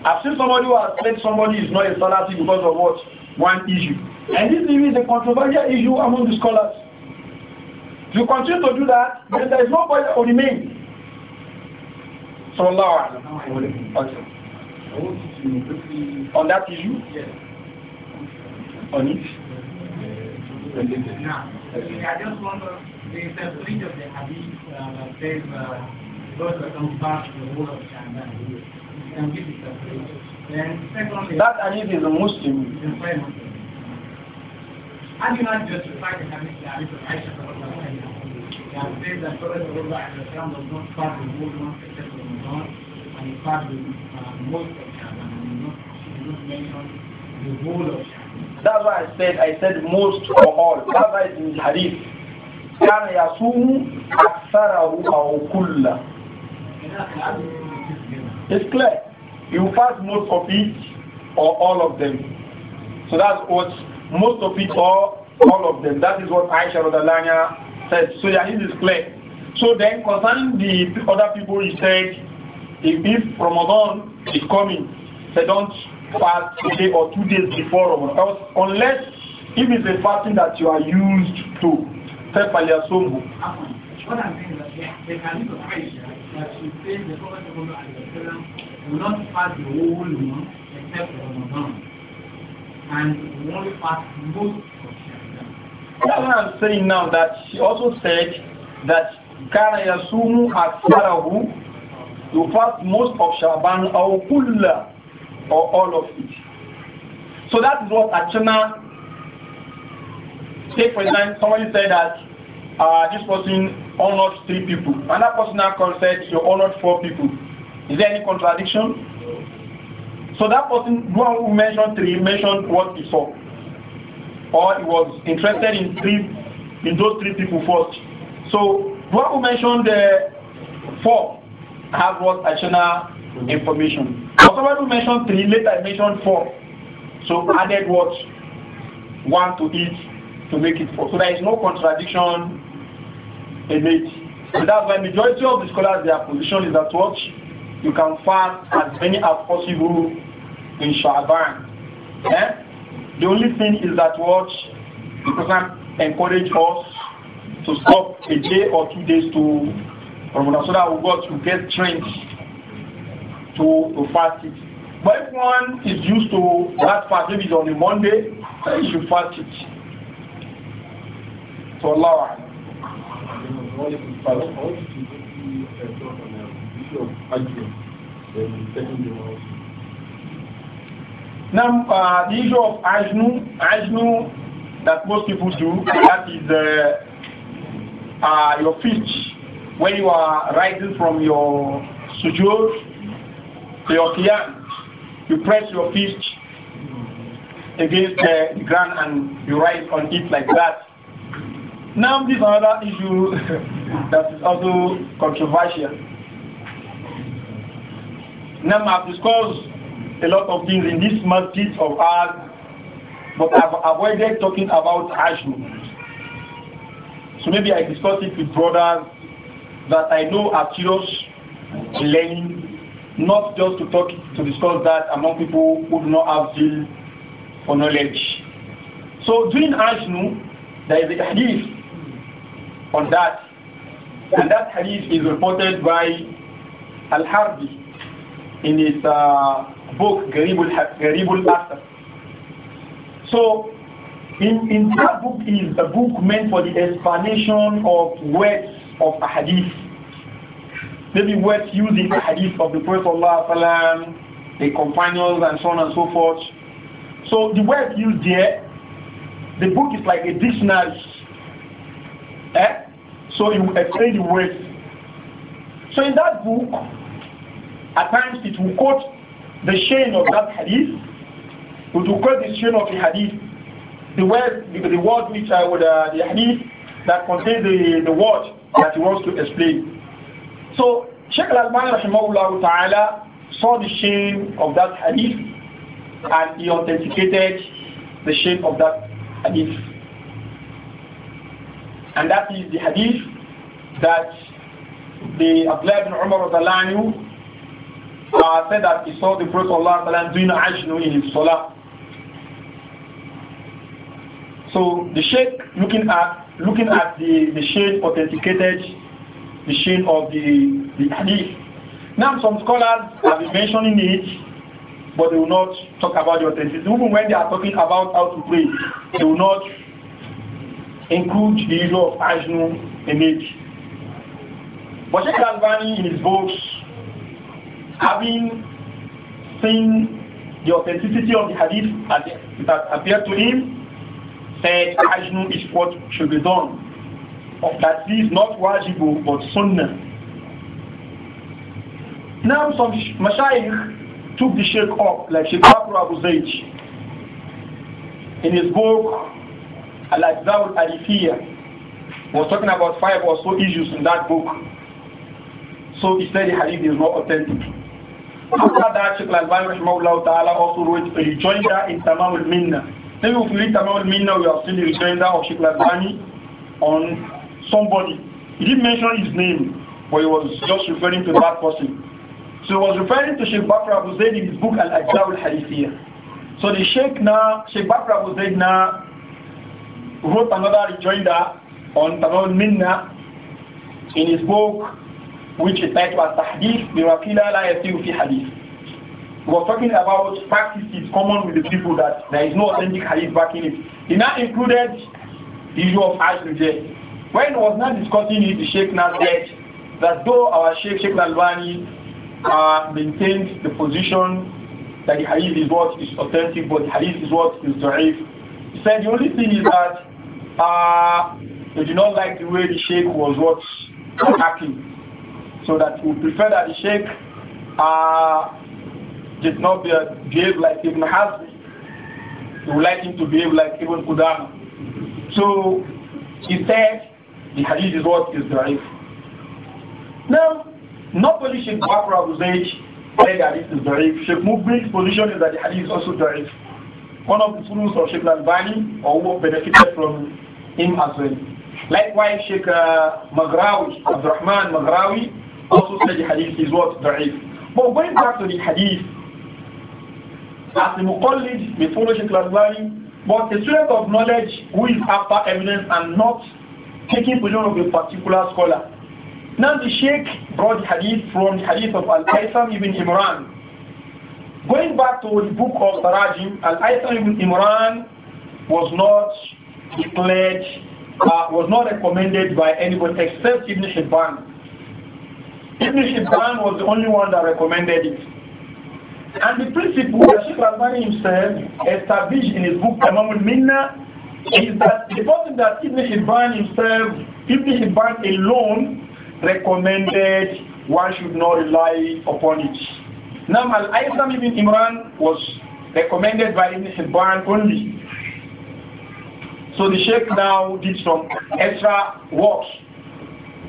I've seen somebody who has said somebody is not a scholar because of what? One issue. And this is a controversial issue among the scholars you continue to do that, then there is no point that will remain. So Allah. Okay. On that issue? Yes. On it? Now, I just wonder, a interpretation of the hadith uh, says uh, those that come back to the world of China, that hadith is a Muslim. you not justify the hadith of Aisha. That's why I said, I said most or all. That's why it's in Hadith. كان يصوم أكثره أو كله. It's clear. You fast most of it or all of them. So that's what most of it or all of them. That is what Aisha Radalanya said. So yeah, it is clear. So then concerning the other people, he said, if, Ramadan is coming, they don't fast a day or two days before Ramadan. Unless if it's a fasting that you are used to. Step by your soul. What I'm saying is that they can use that she says the Prophet will not fast the whole month except Ramadan. And only fast most that's I'm saying now that she also said that كان يصوم أكثره you fast most of Shaban or kulla or all of it. So that is what Achana say for example somebody said that uh, this person honored three people. Another person now said you honored four people. Is there any contradiction? So that person, one who mentioned three, mentioned what he saw or he was interested in three, in those three people first. So what we mentioned the uh, four have what additional information. Also oh. when we mentioned three, later I mentioned four. So added what one to each to make it four. So there is no contradiction in it. So that's why majority of the scholars their position is that what you can fast as many as possible in Shaban. Eh? The only thing is that what the Prophet encouraged us to stop a day or two days to Ramadan so that we got to get trained to, to fast it. But if one is used to that fast, maybe it's on a Monday, then you should fast it. So Allah. Now, uh, the issue of Ajnu, Ajnu that most people do, that is uh, uh, your feet. When you are rising from your sujood to your qiyam, you press your feet against the ground and you rise on it like that. Now, this another issue that is also controversial. Now, I've discussed a lot of things in this masjid of ours, but I've avoided talking about Hajj. So maybe I discuss it with brothers that I know are serious learning, not just to talk to discuss that among people who do not have zeal for knowledge. So during Ashnu, there is a hadith on that, and that hadith is reported by Al-Harbi in his uh, book, Garibul, Garibul So, in, in that book is a book meant for the explanation of words of hadith. Maybe words used in hadith of the Prophet ﷺ, the companions and so on and so forth. So the words used there, the book is like a dictionary. Eh? So you explain the words. So in that book, at times it will quote the chain of that hadith, we will call the chain of the hadith, the word, the, the word which I would, uh, the hadith that contains the, the word that he wants to explain. So, Sheikh Al-Albani rahimahullah ta'ala saw the chain of that hadith and he authenticated the chain of that hadith. And that is the hadith that the Abdullah ibn Umar uh, said that he saw the Prophet Allah doing ajnu in his salah. So the sheikh looking at looking at the, the sheikh authenticated the sheikh of the, the hadith. Now some scholars have been mentioning it, but they will not talk about the authenticity. Even when they are talking about how to pray, they will not include the issue of ajnu in it. But Sheikh Albani in his books having seen the authenticity of the hadith that appeared to him, said Ajnu is what should be done. Of that is not wajibu but sunnah. Now some mashayikh took the sheikh up, like Sheikh Bakr Abu Zayd. In his book, Al-Ajzaw al was talking about five or so issues in that book. So he said the hadith is not authentic. After that, Sheikh Al-Albani Rahimahullah Ta'ala also wrote a rejoinder in Tamam al-Minna. Maybe if we read Tamam minna we have seen the rejoinder of Sheikh Al-Albani on somebody. He didn't mention his name, but he was just referring to that person. So he was referring to Sheikh Bakr Abu Zaid in his book Al-Ajza al-Hadithiyah. So the Sheikh now, Sheikh Bakr Abu Zaid now wrote another rejoinder on Tamam minna in his book which is tied to as hadith, la yasiru fi hadith. We were talking about practices common with the people that there is no authentic hadith backing it. He now included the issue of Ashru When was not discussing it, the Sheikh now said that though our Sheikh Sheikh uh, maintained uh, the position that the hadith is what is authentic, but the hadith is what is da'if, he said the only thing is that uh, they do not like the way the Sheikh was what acting. So that we prefer that the Sheikh uh, did not be, uh, behave like Ibn Hazmi. We would like him to behave like Ibn Qudama. So he said the hadith is what is derived. Now, not only Sheikh Bakr Abu Zayd said that this is derived, Sheikh Mubin's position is that the hadith is also derived. One of the students of Sheikh Al-Bani or who benefited from him as well. Likewise, Sheikh uh, Maghrawi, Abdurrahman Maghrawi, also said the hadith is what? Da'if. But going back to the hadith, as the Muqallid, the class learning, but the student of knowledge who is after evidence and not taking position of a particular scholar. Now the Sheikh brought the hadith from the hadith of Al-Qaisam ibn Imran. Going back to the book of Tarajim, Al-Qaisam ibn Imran was not declared, uh, was not recommended by anybody except Ibn Hibban. Ibn Shibban was the only one that recommended it. And the principle that Sheikh Albani himself established in his book Imam al-Minna is that the person that Ibn Hibban himself, Ibn Hibban alone recommended one should not rely upon it. Now al islam ibn Imran was recommended by Ibn Hibban only. So the Sheikh now did some extra works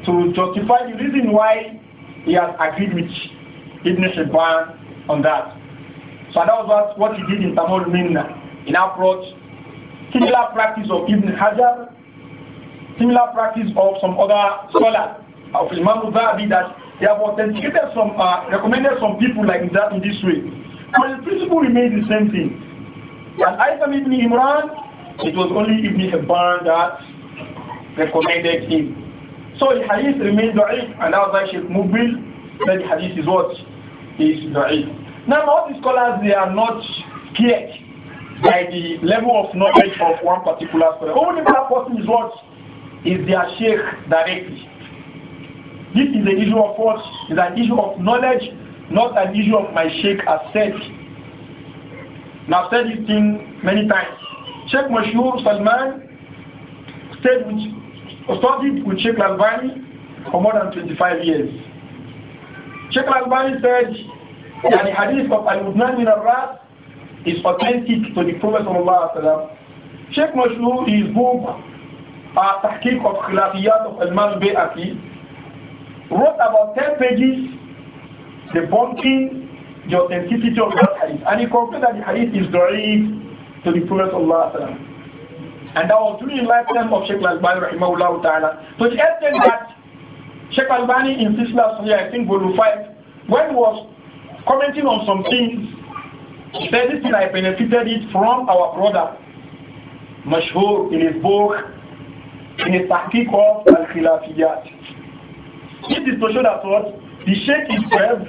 to justify the reason why he has agreed with Ibn Shibban on that. So that was what he did in Tamil Minna. He now brought similar practice of Ibn Hajar, similar practice of some other scholars of Imam Zahabi that they have authenticated some, uh, recommended some people like that in this way. But the principle remains the same thing. And Isam Ibn Imran, it was only Ibn Hibban that recommended him. So the hadith remains da'if, and our why Sheikh Mubil said the hadith is what? Is da'if. Now, all the scholars, they are not scared by the level of knowledge of one particular scholar. Only that person is what? Is their Sheikh directly. This is an issue of what is an issue of knowledge, not an issue of my Sheikh as said. Now, I've said this thing many times. Sheikh Mashur Salman said, I studied with Sheikh for more than 25 years. Sheikh said that the hadith of Al-Udnan bin al is authentic to the Prophet Sallallahu Sheikh Mashur, his book uh, Tahqiq of Khilafiyat of Al-Man wrote about 10 pages debunking the authenticity of that hadith and he concluded that the hadith is derived to the Prophet Sallallahu and that was during the lifetime of Sheikh Al-Bani rahimahullah ta'ala. So the extent that Sheikh Al-Bani in this last year, I think volume 5, when he was commenting on some things, he said this thing I benefited it from our brother, Mashhur, in his book, in his tahqiq of Al-Khilafiyat. This is to show that what? The Sheikh himself,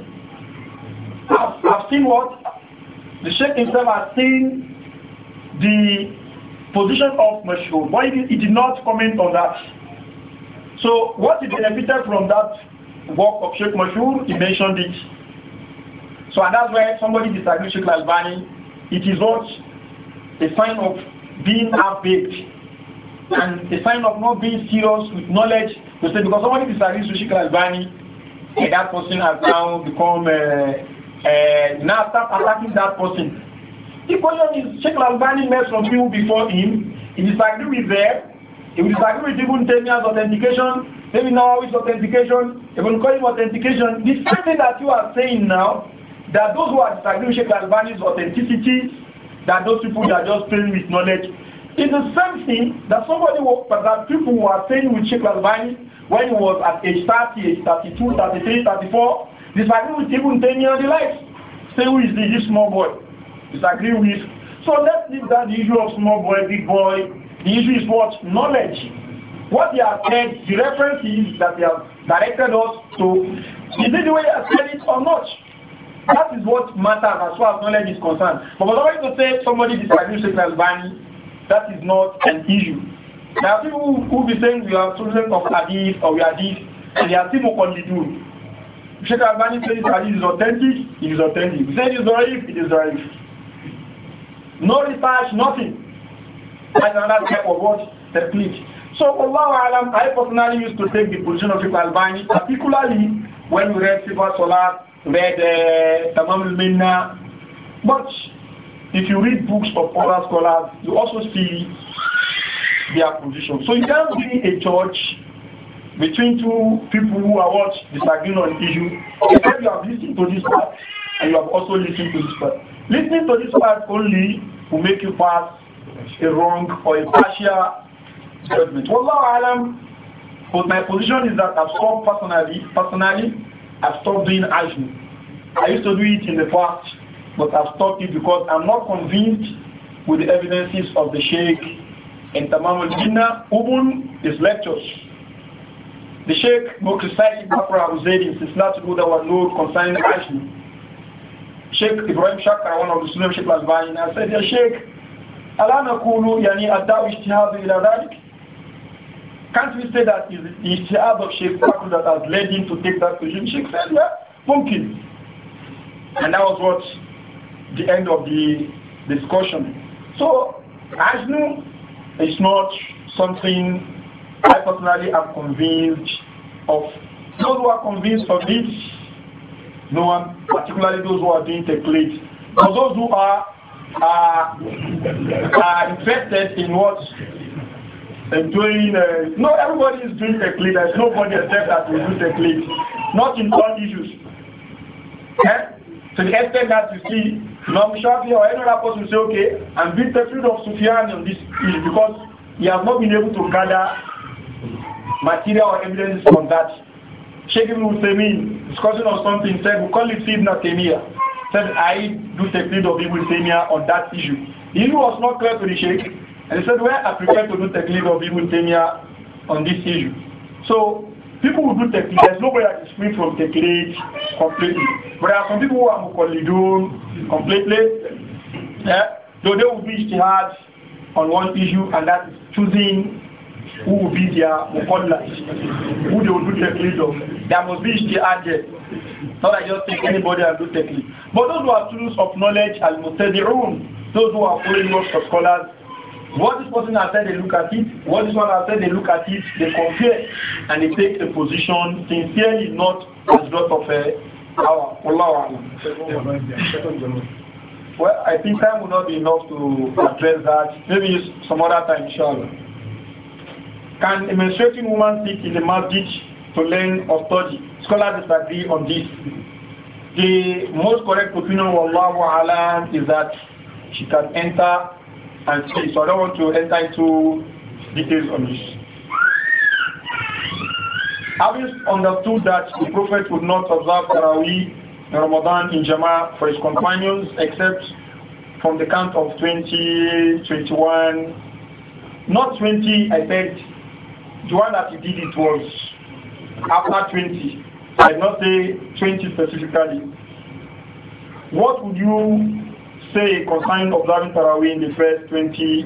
I've, have seen what? The Sheikh himself has seen the position of Mashur, but he, did not comment on that. So what he benefited from that work of Sheikh Mashur, he mentioned it. So and that's why somebody disagrees Sheikh Albani. It is not a sign of being half-baked and a sign of not being serious with knowledge. To say because somebody disagrees with Sheikh Albani, and that person has now become uh, uh, now start attacking that person if question is, check al Al-Albani mess from people before him. He disagreed with them. He will disagree with years of authentication, maybe Nawawi's authentication, even calling authentication. The same thing that you are saying now, that those who are disagreeing with Sheikh Al-Albani's authenticity, that those people that are just playing with knowledge, it's the same thing that somebody but that people were saying with Sheikh Al-Albani when he was at age 30, age 32, 33, 34, disagreeing with even ten years of life. Say, who is this small boy? disagree with. So let's leave that the issue of small boy, big boy. The issue is what? Knowledge. What they have said, the reference is that they have directed us to. Is it the way they said it or not? That is what matters as far as knowledge is concerned. But I want to say somebody disagrees with Albani, that is not an issue. There are people who will be saying we are children of Hadith or we are this, and they are still Mukondidun. Sheikh Albani says Hadith is authentic, it is authentic. He says it is right, it is right. No research, nothing. That's another type of what? Technique. So Allah Alam, I personally used to take the position of Ibn Albani, particularly when we read Sifa Salat, read uh, al-Minna. But if you read books of other scholars, you also see their position. So you can't be a judge between two people who are what disagreeing on issue. Except you have listened to this part and you have also listened to this part. Listening to this part only will make you pass a wrong or a partial judgment. Wallahu alam, but my position is that I've stopped personally, personally, I've stopped doing ajnu. I used to do it in the past, but I've stopped it because I'm not convinced with the evidences of the Sheikh and Tamam al-Jinnah, Ubun, his lectures. The Sheikh, more precisely, Bafra Hussein, in Sislat Huda wa Nur concerning ajnu. Sheikh Ibrahim Shakar, one of the students of Sheikh and I said, "Yeah, Sheikh, ألا نقول يعني الدعوة اجتهاد a ذلك? Can't we say that is the ijtihad of Sheikh Fakul that has led him to take that position? Sheikh said, yeah, mumkin. And that was what the end of the discussion. So, Ajnu is not something I personally am convinced of. Those who are convinced of this no one, particularly those who are doing taqlid. For those who are, are, are interested in what and doing, uh, no, everybody is doing taqlid. There's nobody except that will do taqlid. Not in all issues. Okay? Eh? So the extent that you see, Imam Shafi or any other person say, okay, I'm being taqlid of Sufyan on this issue because he has not been able to gather material or evidence on that. Sheikh Ibn Uthaymeen, discussing on something, said, we call it Ibn Taymiyyah. Said, I do take lead of Ibn Taymiyyah on that issue. The issue was not clear to the Sheikh, and he said, well, I prefer to do take lead of Ibn Taymiyyah on this issue. So, people who do take lead, there's nobody that is free from take lead completely. But there are some people who are Mukolidun completely. Yeah? So they will be jihad on one issue, and that is choosing who will be their mukallas, who they will do technique of. There must be ijtihad there. Not I just take anybody and do technique. But those who are students of knowledge, al-mustadi'un, those who are following works of scholars, what this person has said, they look at it. What this one has said, they look at it. They compare and they take a position sincerely, not as lot of a uh, hour. Well, I think time will not be enough to address that. Maybe some other time, inshallah. Can a menstruating woman sit in the masjid to learn or study? Scholars disagree on this. The most correct opinion, of Allah is that she can enter and see. So I don't want to enter into details on this. Having understood that the Prophet would not observe Taraweeh in Ramadan in Jama'ah for his companions except from the count of 20, 21, not 20, I said the one that you did it was after 20. I did not say 20 specifically. What would you say concerning observing Tarawih in the first 20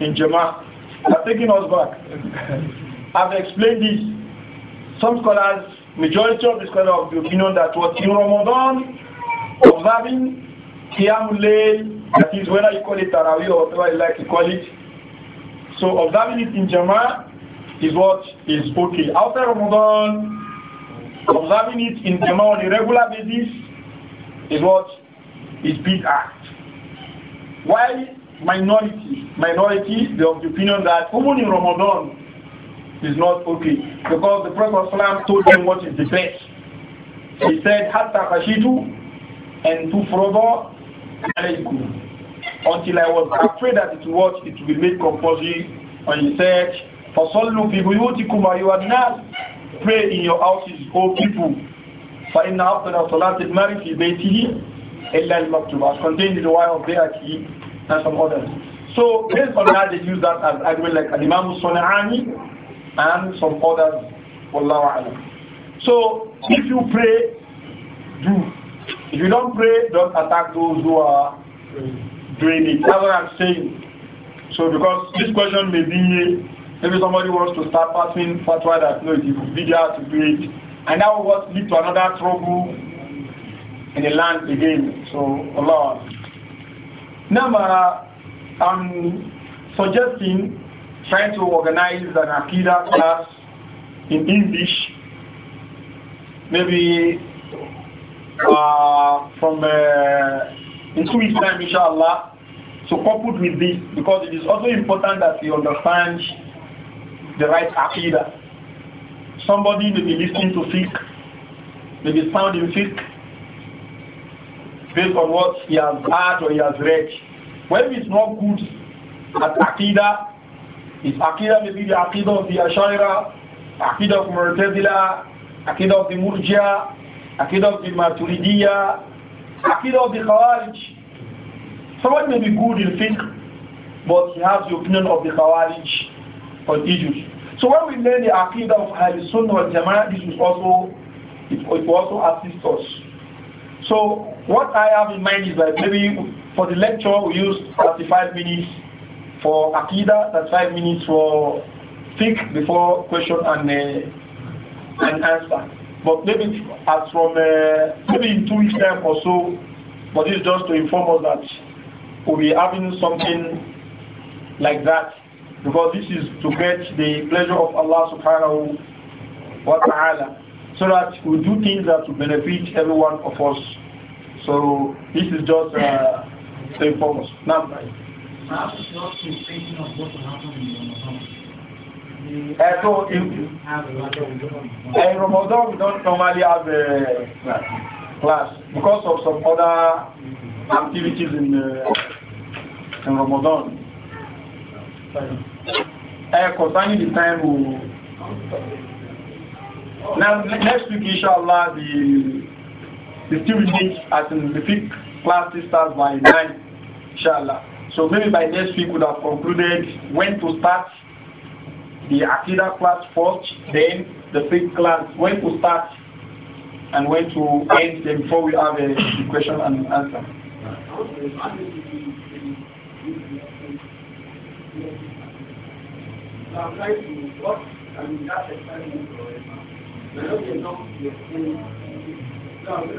in Jama? You are taking us back. I've explained this. Some scholars, majority of the scholars of the opinion that what in Ramadan, observing Qiyamul Layl, that is whether you call it Tarawih or whatever you like to call it, so observing it in Jama is what is okay. After Ramadan, observing it in Jama on a regular basis is what is big act. Why minority? Minority, they of the opinion that even in Ramadan is not okay. Because the Prophet told them what is the best. He said, Hatta Fashidu and Tufrodo alaykum until I was afraid that it would it will be made compulsory. And he said, فَصَلُّوا people you are not Pray in your houses, O people. for فَإِنَّ أَفْضَلَ he made فِي بَيْتِهِ إِلَّا الْمَكْتُوبَ As contained in the way of Bayaki and some others. So based on that, they use that as argument like Imam Sunani and some others. Wallahu alam. So if you pray, do. If you don't pray, don't attack those who are doing it. That's what I'm saying. So because this question may be maybe somebody wants to start passing fatwa that no it is video to do it. And that will lead to another trouble in the land again. So Allah. Now uh, I'm suggesting trying to organize an Akira class in English. Maybe uh, from uh, in two weeks time inshallah so coupled with this because it is also important that we understand the right aqidah somebody may be listening to fiqh may be sounding in fiqh based on what he has heard or he has read when it's not good at aqidah his aqidah may be the aqidah of the ashaira aqidah of murtazila aqidah of the murjia aqidah of the maturidiyah Akida of the Khawarij. Someone may be good in fiqh, but he has the opinion of the Khawarij on issues. So when we learn the Aqidah of Ahl Sunnah wal Jama'ah, this is also, it, it also assists us. So what I have in mind is that maybe for the lecture we use 35 minutes for Aqidah, 35 minutes for fiqh before question and, uh, and answer. But maybe as from uh, maybe in two weeks time or so, but it's just to inform us that we'll be having something like that because this is to get the pleasure of Allah subhanahu wa ta'ala so that we do things that will benefit every one of us. So this is just uh, to inform us. Now, of what will happen in so in, in Ramadan we don't normally have a eh, class because of some other activities in, uh, in Ramadan. Uh, concerning the time we now next week inshallah the the students at the fifth class starts by nine inshallah. So maybe by next week we could have concluded when to start the Akida class first, then the fifth class, when to start and when to end them before we have a question and answer.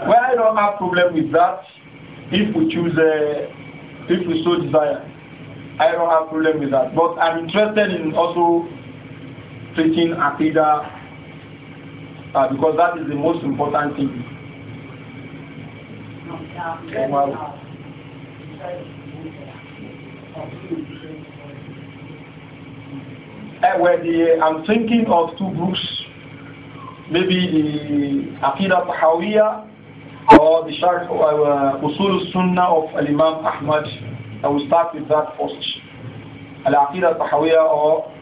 Well, I don't have problem with that if we choose, a, uh, if we so desire. I don't have problem with that. But I'm interested in also treating Aqidah uh, because that is the most important thing. Well, Uh, the, I'm thinking of two books, maybe the Aqidah Tahawiyah or the Sharh uh, uh Usul Sunnah of Imam Ahmad. I will start with that first. Al Aqidah Tahawiyah or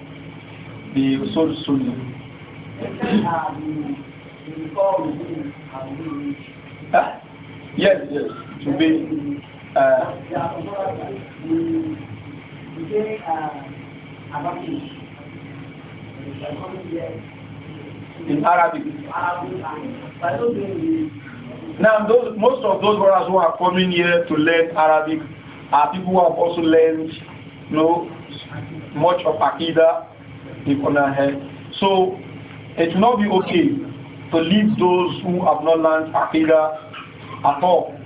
the source Sunnah. Huh? Yes, yes, to be. Uh, in Arabic. Now, those, most of those brothers who are coming here to learn Arabic are people who have also learned you know, much of Akida the other head, So it will not be okay to leave those who have not learned Aqidah at all.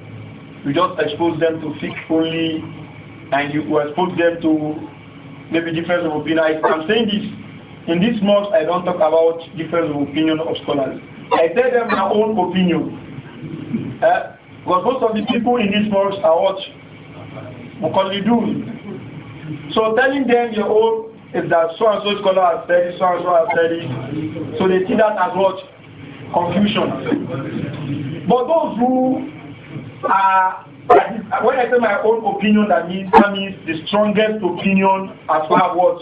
You just expose them to fiqh only and you expose them to maybe difference of opinion. I, am saying this. In this month, I don't talk about difference of opinion of scholars. I tell them my own opinion. Uh, because most of the people in this month are what? Because So telling them your own is that so and so scholar has said so and so has said it. So they see that as what? Confusion. But those who are when I say my own opinion, that means that means the strongest opinion as far as what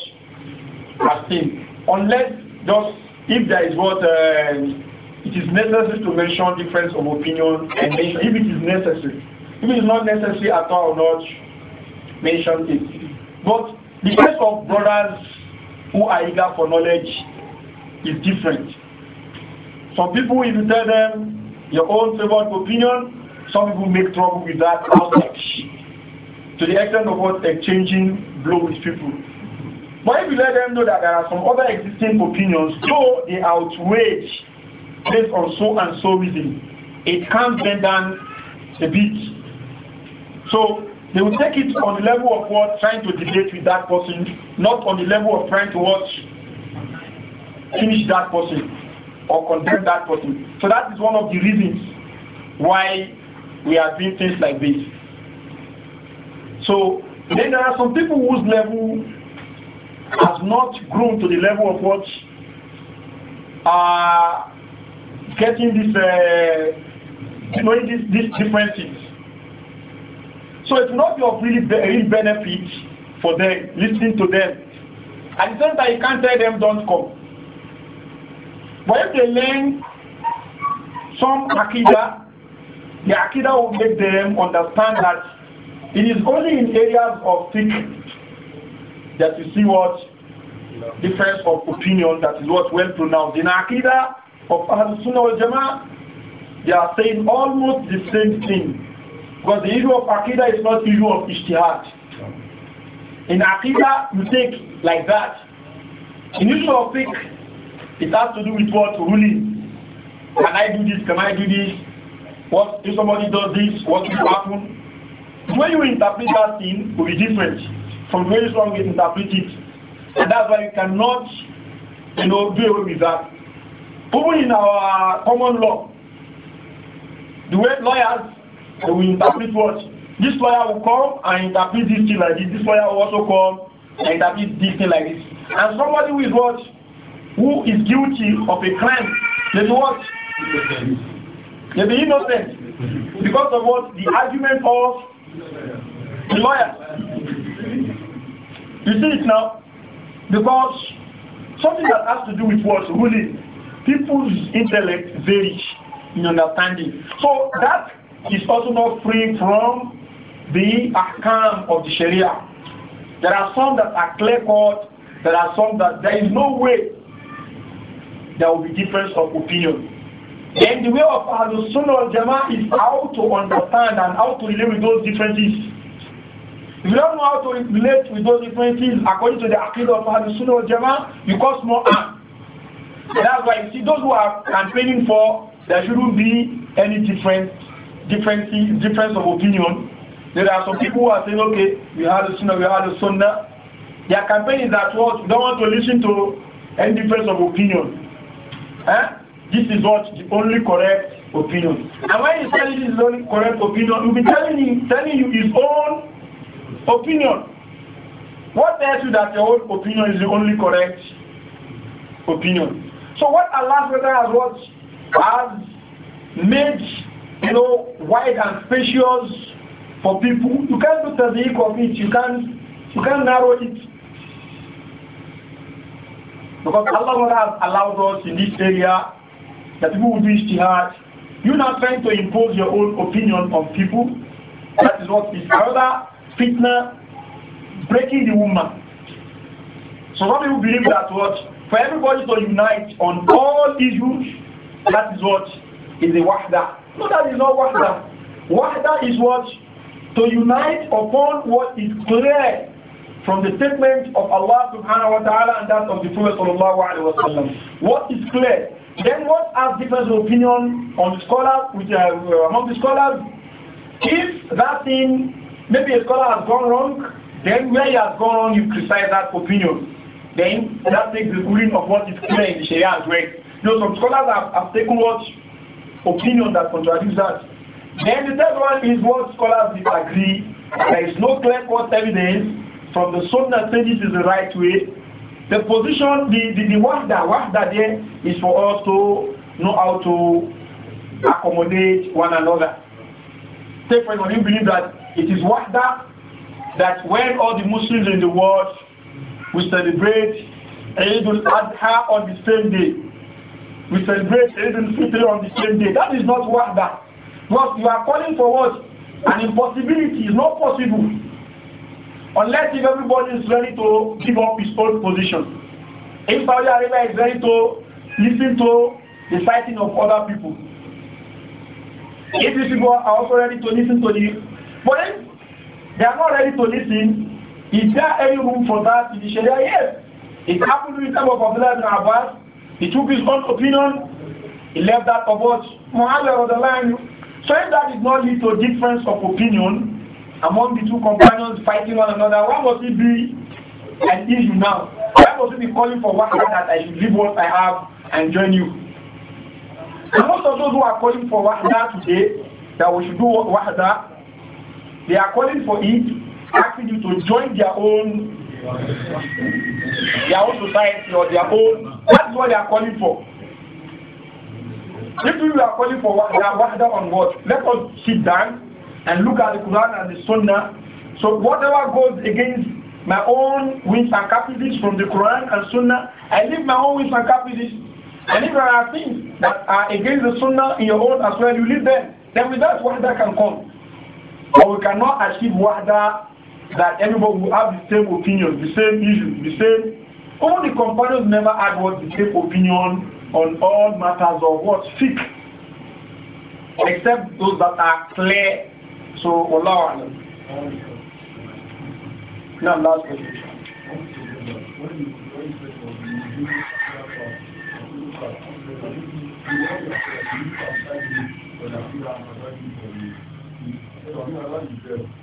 as thing. Unless just if there is what uh, it is necessary to mention difference of opinion and if it is necessary. If it is not necessary at all, not mention it. But the case of brothers who are eager for knowledge is different. Some people, if you tell them your own favorite opinion, some people make trouble with that outside to the extent of what exchanging blow with people. But if you let them know that there are some other existing opinions, though they outweigh based on so and so reason, it calms them down a bit. So they will take it on the level of what trying to debate with that person, not on the level of trying to watch finish that person or condemn that person. So that is one of the reasons why we are doing things like this. So then there are some people whose level has not grown to the level of what are uh, getting this, uh, you these, these differences. So it will not be of really, really benefit for them, listening to them. At the same time, you can't tell them, don't come. But if they learn some akida, the akida will make them understand that it is only in areas of things that you see what difference of opinion that is what well pronounced. In akida of Ahl Sunnah wal Jama'ah, they are saying almost the same thing. Because the issue of Aqidah is not issue of Ishtihad. In Aqidah, you take like that. In issue of fiqh, it has to do with what? Ruling. Can I do this? Can I do this? What if somebody does this? What will happen? The way you interpret that thing will be different from where you strong interpret it. And that's why you cannot, you know, do away with that. Even in our common law, the way lawyers they will interpret what? This lawyer will come and interpret this thing like this. This lawyer will also come and interpret this thing like this. And somebody who is what? Who is guilty of a crime, they do what? They be innocent. Because of what? The argument of the lawyer. You see it now? Because something that has to do with what? Ruling. People's intellect varies in understanding. So that is also not free from the ahkam of the sharia. There are some that are clear cut, there are some that there is no way there will be difference of opinion. And the way of Ahlul Sunnah al Jama'ah is how to understand and how to relate with those differences. If you don't know how to relate with those differences according to the Aqidah of Ahlul Sunnah al Jama'ah, you cause more harm. That's why you see those who are campaigning for there shouldn't be any difference difference difference of opinion. There are some people who are saying, okay, we had a sunnah, we had a sunnah. Their campaign is that what we don't want to listen to any difference of opinion. Eh? This is what the only correct opinion. And when you tell this is the only correct opinion, he'll be telling you telling you his own opinion. What tells you that your own opinion is the only correct opinion? So what Allah has what has made you know, wide and spacious for people. You can't do the of it. You can't you can't narrow it. Because Allah has allowed us in this area that people will do jihad. You're not trying to impose your own opinion on people. That is what is another fitna breaking the woman. So some people believe that what for everybody to unite on all issues, that is what is the wahda. No, that is not wahda. Wahda is what? To unite upon what is clear from the statement of Allah subhanahu wa ta'ala and that of the Prophet sallallahu alayhi wa sallam. What is clear? Then what are different opinion on the scholars, which are, uh, uh, among the scholars? If that thing, maybe a scholar has gone wrong, then where he has gone wrong, you criticize that opinion. Then that takes the ruling of what is clear in the Sharia as well. You know, some scholars have, have taken what opinion that contradicts that. Then the third one is what scholars disagree. There is no clear-cut evidence from the Sunnah that this is the right way. The position, the, the, the work that there is for us to know how to accommodate one another. Take for example, you believe that it is what that when all the Muslims in the world will celebrate Eid al-Adha on the same day, we celebrate Eid al-Fitr on the same day. That is not that, Because you are calling for what? An impossibility. is not possible. Unless if everybody is ready to give up his own position. If Saudi Arabia is ready to listen to the fighting of other people. If these people are also ready to listen to the... But if they are not ready to listen, is there any room for that in the Sharia? Yes. It happened with some of Abdullah ibn Abbas he took his own opinion. He left that of what Muawiyah was aligned. So if that did not lead to a difference of opinion among the two companions fighting one another, why must it be an issue now? Why must it be calling for one that I should leave what I have and join you? And most of those who are calling for wahda today, that we should do wahda, they are calling for it, asking you to join their own their own society or their own. That's what they are calling for. If you are calling for they are wahda on what? Let us sit down and look at the Quran and the Sunnah. So whatever goes against my own wins and capacities from the Quran and Sunnah, I leave my own wins and capacities. And if there are things that are against the Sunnah in your own as well, you leave them. Then with that, can come. But we cannot achieve wahda that everybody will have the same opinion, the same issues, the same. All the companions never had what the same opinion on all matters of what fit, except those that are clear. So, Allah Alam. Now, last question. Thank